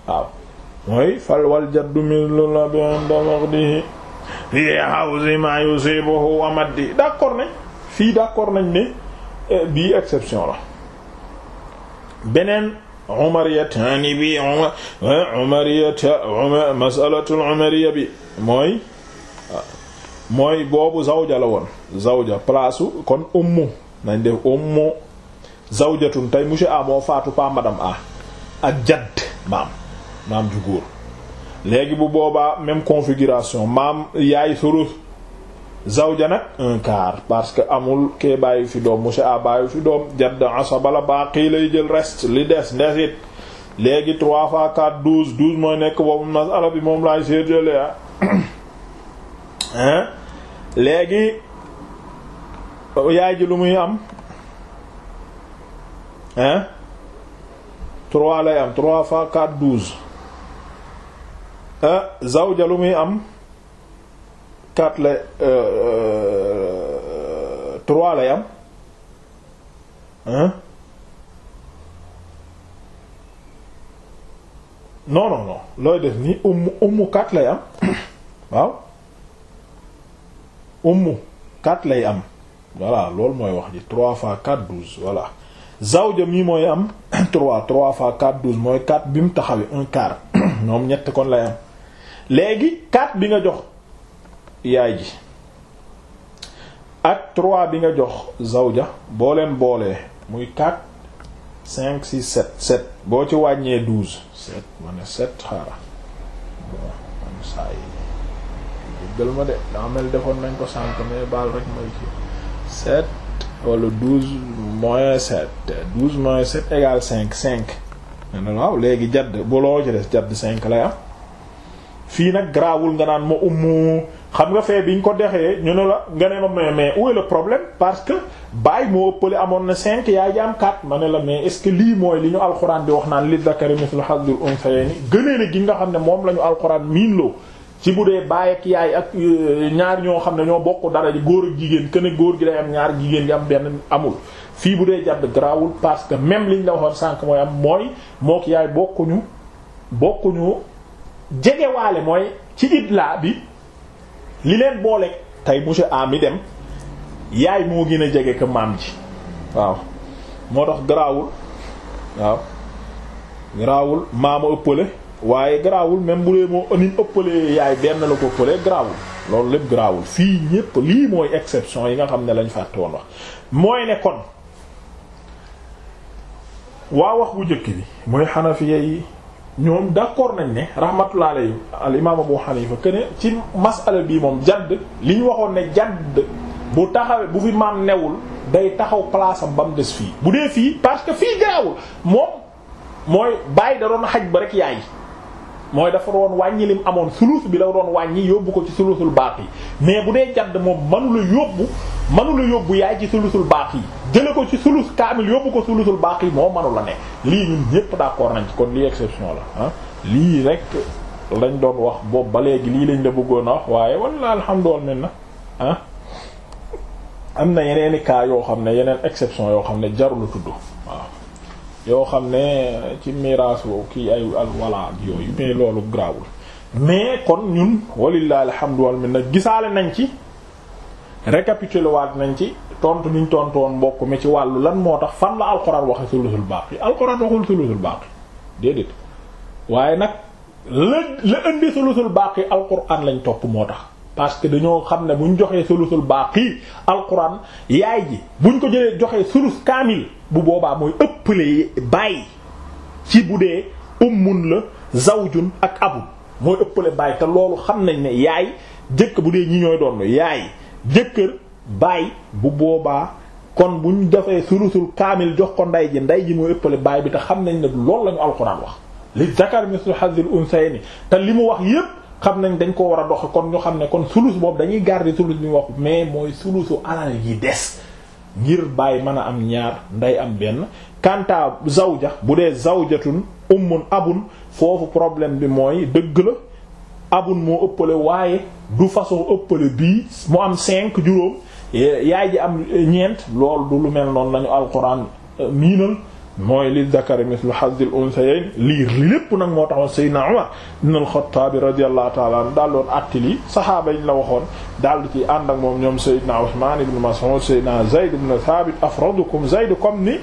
waaw mooy fal wal jaddu mislul abi inda waqdihi fi hawzi ma yusibuhu wa maddi d'accord nañ fii d'accord nañ ne eh, bii exception la beneen umariyatani bi umariyata eh, umariya bi ah, mooy boobu zawja la zawja place kon ummu nañ def ummu zawjatun tey monsieur A moo faatu pambadam madame ak jadd maam maam ju léegi bu boobaa même configuration maam yaay suru zawja nag un quart parce que amul kee bàyyi fi doom monsieur A bàyyi fi doom jadd asaba la baaqi lay jël reste li des ndesit léegi 3 fois 4 12 12 mooy nekk boobu masala bi moom laay séetale ah hein léegi yaay ji lu muy am hein trois lay am trois fois quatre douze ah zawja lu muy am quatre lay euh, euh, trois lay am hein non non non looy def ni ummu ummu quatre lay am waaw ummu quatre lay am voilà loolu mooy wax ji trois fois quatre douze voilà zawja mi mooy am 3 3 fois 4 12 mooy 4 bi mu taxawee un quart moom ñett kon lay am léegi 4 bi nga jox yaay ji ak 3 bi nga jox zawja boo leen boolee muy 4 5 6 7 boo ci wàññee 12 7 ma ne 7 xaaral bon man saa yi jéggal ma de daa mel defoon nañ ko sànq mais baal rek mooy ci 7. wala douze moins sept douze moins sept égale cinq cinq ne waaw léegi jadd boloo ci des jadd cinq la am ah. fii nag garaawul nga naan ma ummu xam nga fee biñ ko dexee ñu ne la nga ne ma mais mais où est le problème parce que baay moo ëppale amoon na cinq yaay ji am ma ne la mais est lii mooy li ñu alxuraan di wax naan li zakari mithlu hazzul unsayni gënee la gi nga xam ne moom la ñu alxuraan miin loo ci bu dee baay yaay ak euh, ñaar ñoo xam ne ñoo bokk dara góor ak jigéen kenn góor gi day am ñaar jigéen gi am benn amul fii bu dee jàdd garaawul parce que même liñ la waxoon sànq mooy am mooy mook yaay bokkuñu bokkuñu jegewaale mooy ci idla bi li leen boole tey monsieur A mi dem yaay moo gën a jege ko maam ji waaw moo tax garaawul waaw garaawul maama ëppale waaye garaawul même bu dee moo ënim ëppalee yaay benn la ko ëppalee garaawul loolu lépp garaawul fii ñépp lii mooy exception yi nga xam ne lañu fàtte woon wax mooy ne waa wax bu njëkk bi mooy xanafiya yi ñoom d'accord nañ ne rahmatullah alayhi al imam abu xanifa que ne ci masala bii moom jadd li ñu waxoon ne jadd bu taxawee bu fi maam newul day taxaw place am ba mu des fii bu dee fii parce que fii garaawul moom mooy bàyyi da doon xaj ba rek yaay mooy dafa doon wàññi lim amoon sulus bi la doon wàññi yóbbu ko ci sulusul baaqi mais bu dee jadd moom manu la yóbbu manu la yóbbu yaay ci sulusul yi jële ko ci sulus kaamil yóbbu ko sulusul yi moo manu la ne lii ñun ñépp d'accord nañ ci kon lii exception la ah lii rek lañ doon wax boobu ba léegi lii lañ la bëggoon a wax waaye walla alhamdulillah na ah am na yeneen i cas yoo xam ne yeneen exception yoo xam ne jarul tudd yoo xam ne ci miraas kii ay alwalaat yooyu mais loolu grawul mais kon ñun walillahi alhamdu wal minna gisaale nañ ci récapitulé waat nañ ci tontu niñ tontu woon mbokk mi ci wàllu lan moo tax fan la alxuraan waxe sulusul baaqi alxuraan waxul sulusul baaqi déedéet waaye nag la la indi sulusul baaqi alxuraan lañ topp moo tax parce que dañoo xam ne ñu joxee sulusul baaqi alquran yaay ji buñ ko jëlee joxee sulus kaamil bu boobaa mooy ëppale bàyyi ci bu dee ummun la zawjun ak abun mooy ëppale bàyyi te loolu xam nañ ne yaay jëkk bu dee ñi ñooy doon yaay jëkkër baay bu boobaa kon bu buñ defee sulusul kaamil jox ko ndey ji ndey ji mooy ëppale baay bi te xam nañ ne loolu la ñu alquran wax li zakar mislu hazil unsayni te li mu wax yépp xam nañ dañ ko war a dox kon ñu xam ne kon sulus boobu dañuy garder sulus bi wax mais mooy sulusu alal yi des ngir bàyyi mën a am ñaar nday am benn kanta zawja bu dee zawjatun ummun abun foofu problème bi mooy dëgg la abun moo ëppale waaye du façon ëppale bii mu am cinq juróom yaay ji am ñeent lool du lu mel noonu lañu alxuraan miinal mooy li zakari mislu hazzil unsayayn lii lépp nag moo taxoon Seydina Umar ibn al-Khattab radiyallahu ta'ala anhu daal doon attili saxaaba yiñ la waxoon daal di ci ànd ak moom ñoom Seydina Usman ibn Mas'ud Seydina Zayd ibn Thabit afradukum Zayd comme ni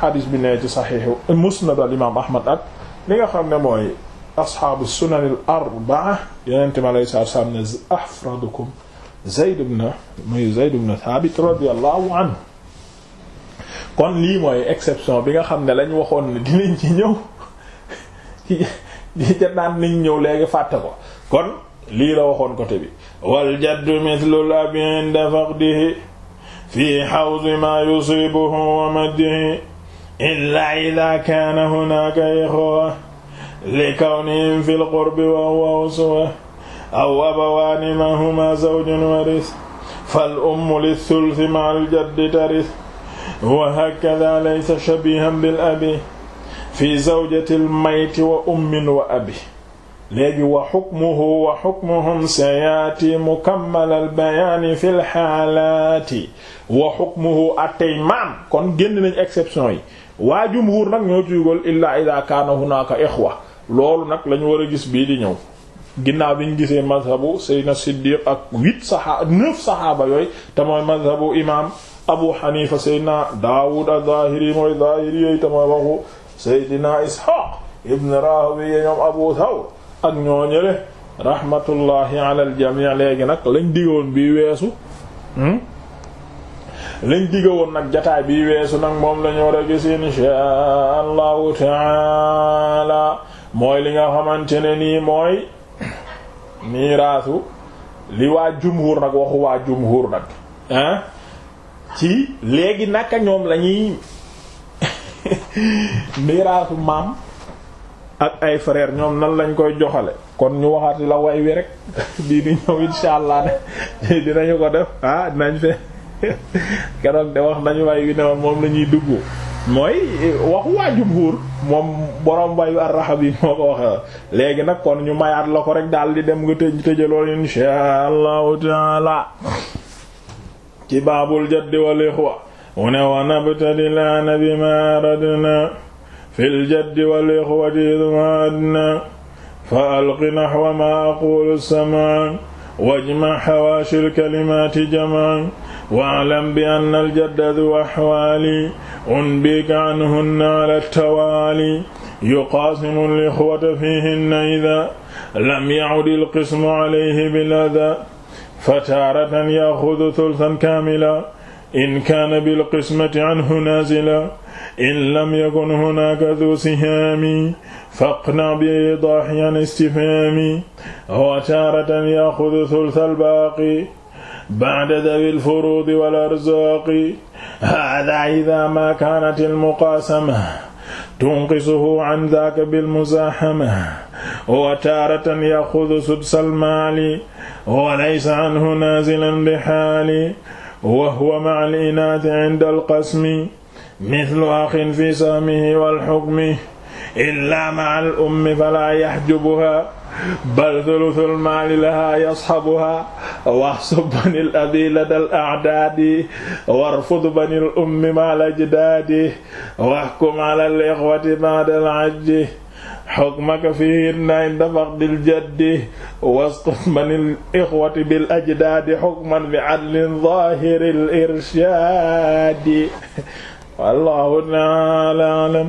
hadis bi nee ci saxiixu musnad al-imaam Ahmad ak li nga xam ne mooy ashaabu sunan al-arba'a yonente mi alayhi salaatu salaam ne afradukum Zayd ibn muy Zayd ibn Thabit radiyallahu anhu kon lii mooy exception bi nga xam ne lañ waxoon ne dinañ ci ñëw di ca naan nañ ñëw léegi fàtte ko kon lii la waxoon côté bi wal jaddu mithlul abi inda faqdihi fi hawzi ma yusibuhu wa maddihi illa idha kana hunaka ikhwa li kawnihim fil qurbi wa huwa uswa aw abawani ma huma zawjun waris fal ummu lithulthi ma al jaddi taris wa hakada laysa shabihan bil abi fi zawjati al mayti wa kon génn nañ yi waa jumhuur nag ñoo tuyugal illaa ida kaana hunaaka ixwa loolu nag lañu war a gis bii di ñëw bi ñu gisee mazhabu sayyidina siddiq ak huit saxaaba saxaaba yooyu te mooy imaam abu xanifa seydina daawud az-zahiri mooy zahiri yooyu tamay waxu seydina ishaq ibn rahawiya ñoom abu thawr ak ñooñële rahmatullahi ala aljamii léegi nag lañ diggoon bi weesu hmm? lañ diggoon nag jataay bi weesu nag moom la ñu war a gis inshaa taala mooy li nga xamante ne nii mooy miiraasu li waa jumhur nag waxu waa jumhur nag ah ci léegi naka ñoom lañuy miraatu maam ak ay frère ñoom nan lañ koy joxale kon ñu waxaat la way wi rek bii di ñëw insha allah ne dinañu ko def ah dinañ fe keroog de wax nañu way wi ne moom la ñuy dugg mooy eh, waxu waa jumhuur moom borom wayu arraxa bi moo ko waxe léegi nag kon ñu mayaat la ko rek daal di dem nga tëj tëjaloon insha allahu taala ci baabul jaddi wal ixwa mu ne wa nabtadi laana bi ma radna fil jaddi wal ixwati idmaadna fa alqi naxwa ma aqulu samaa wajma xawaashi lkalimaati jamaa waalam bi anna aljadda du axwaali unbika anhunna ala tawaali yuqaasimu lixwata fiihinna ida lam yacudi alqismu alayhi bilada fa taaratan yaxudu thulthan kaamila in kaana bilqismati anhu naazila in lam yakun hunaaka du sihaami faqna bi idaahi an istifhaami wa taaratan yaxudu thultha albaaqi ba'da dawi lfuruudi wal arzaaqi haadaa idaa maa kaanat almuqaasama tunqisuhu an daaka bilmuzaahama wa taaratan yaxudu sudsal maali wa laysa anhu naazilan bi xaali wa huwa ma'a al-inaati inda al-qasmi mithlu axin fi sahmihi wal hukmi illaa ma'a al-ummi falaa yaxjubuhaa bal thuluthul maali lahaa yashabuhaa wahsub banil abi ladal a'daadi warfud banil ummi ma'al ajdaadi wahkum alal ikhwati ba'dal ajdi hukmaka fiihinna inda faqdil jaddi wasqut banil ikhwati bil ajdaadi hukman bi adlin zaahiril irshaadi wallaahu ta'aala a'lam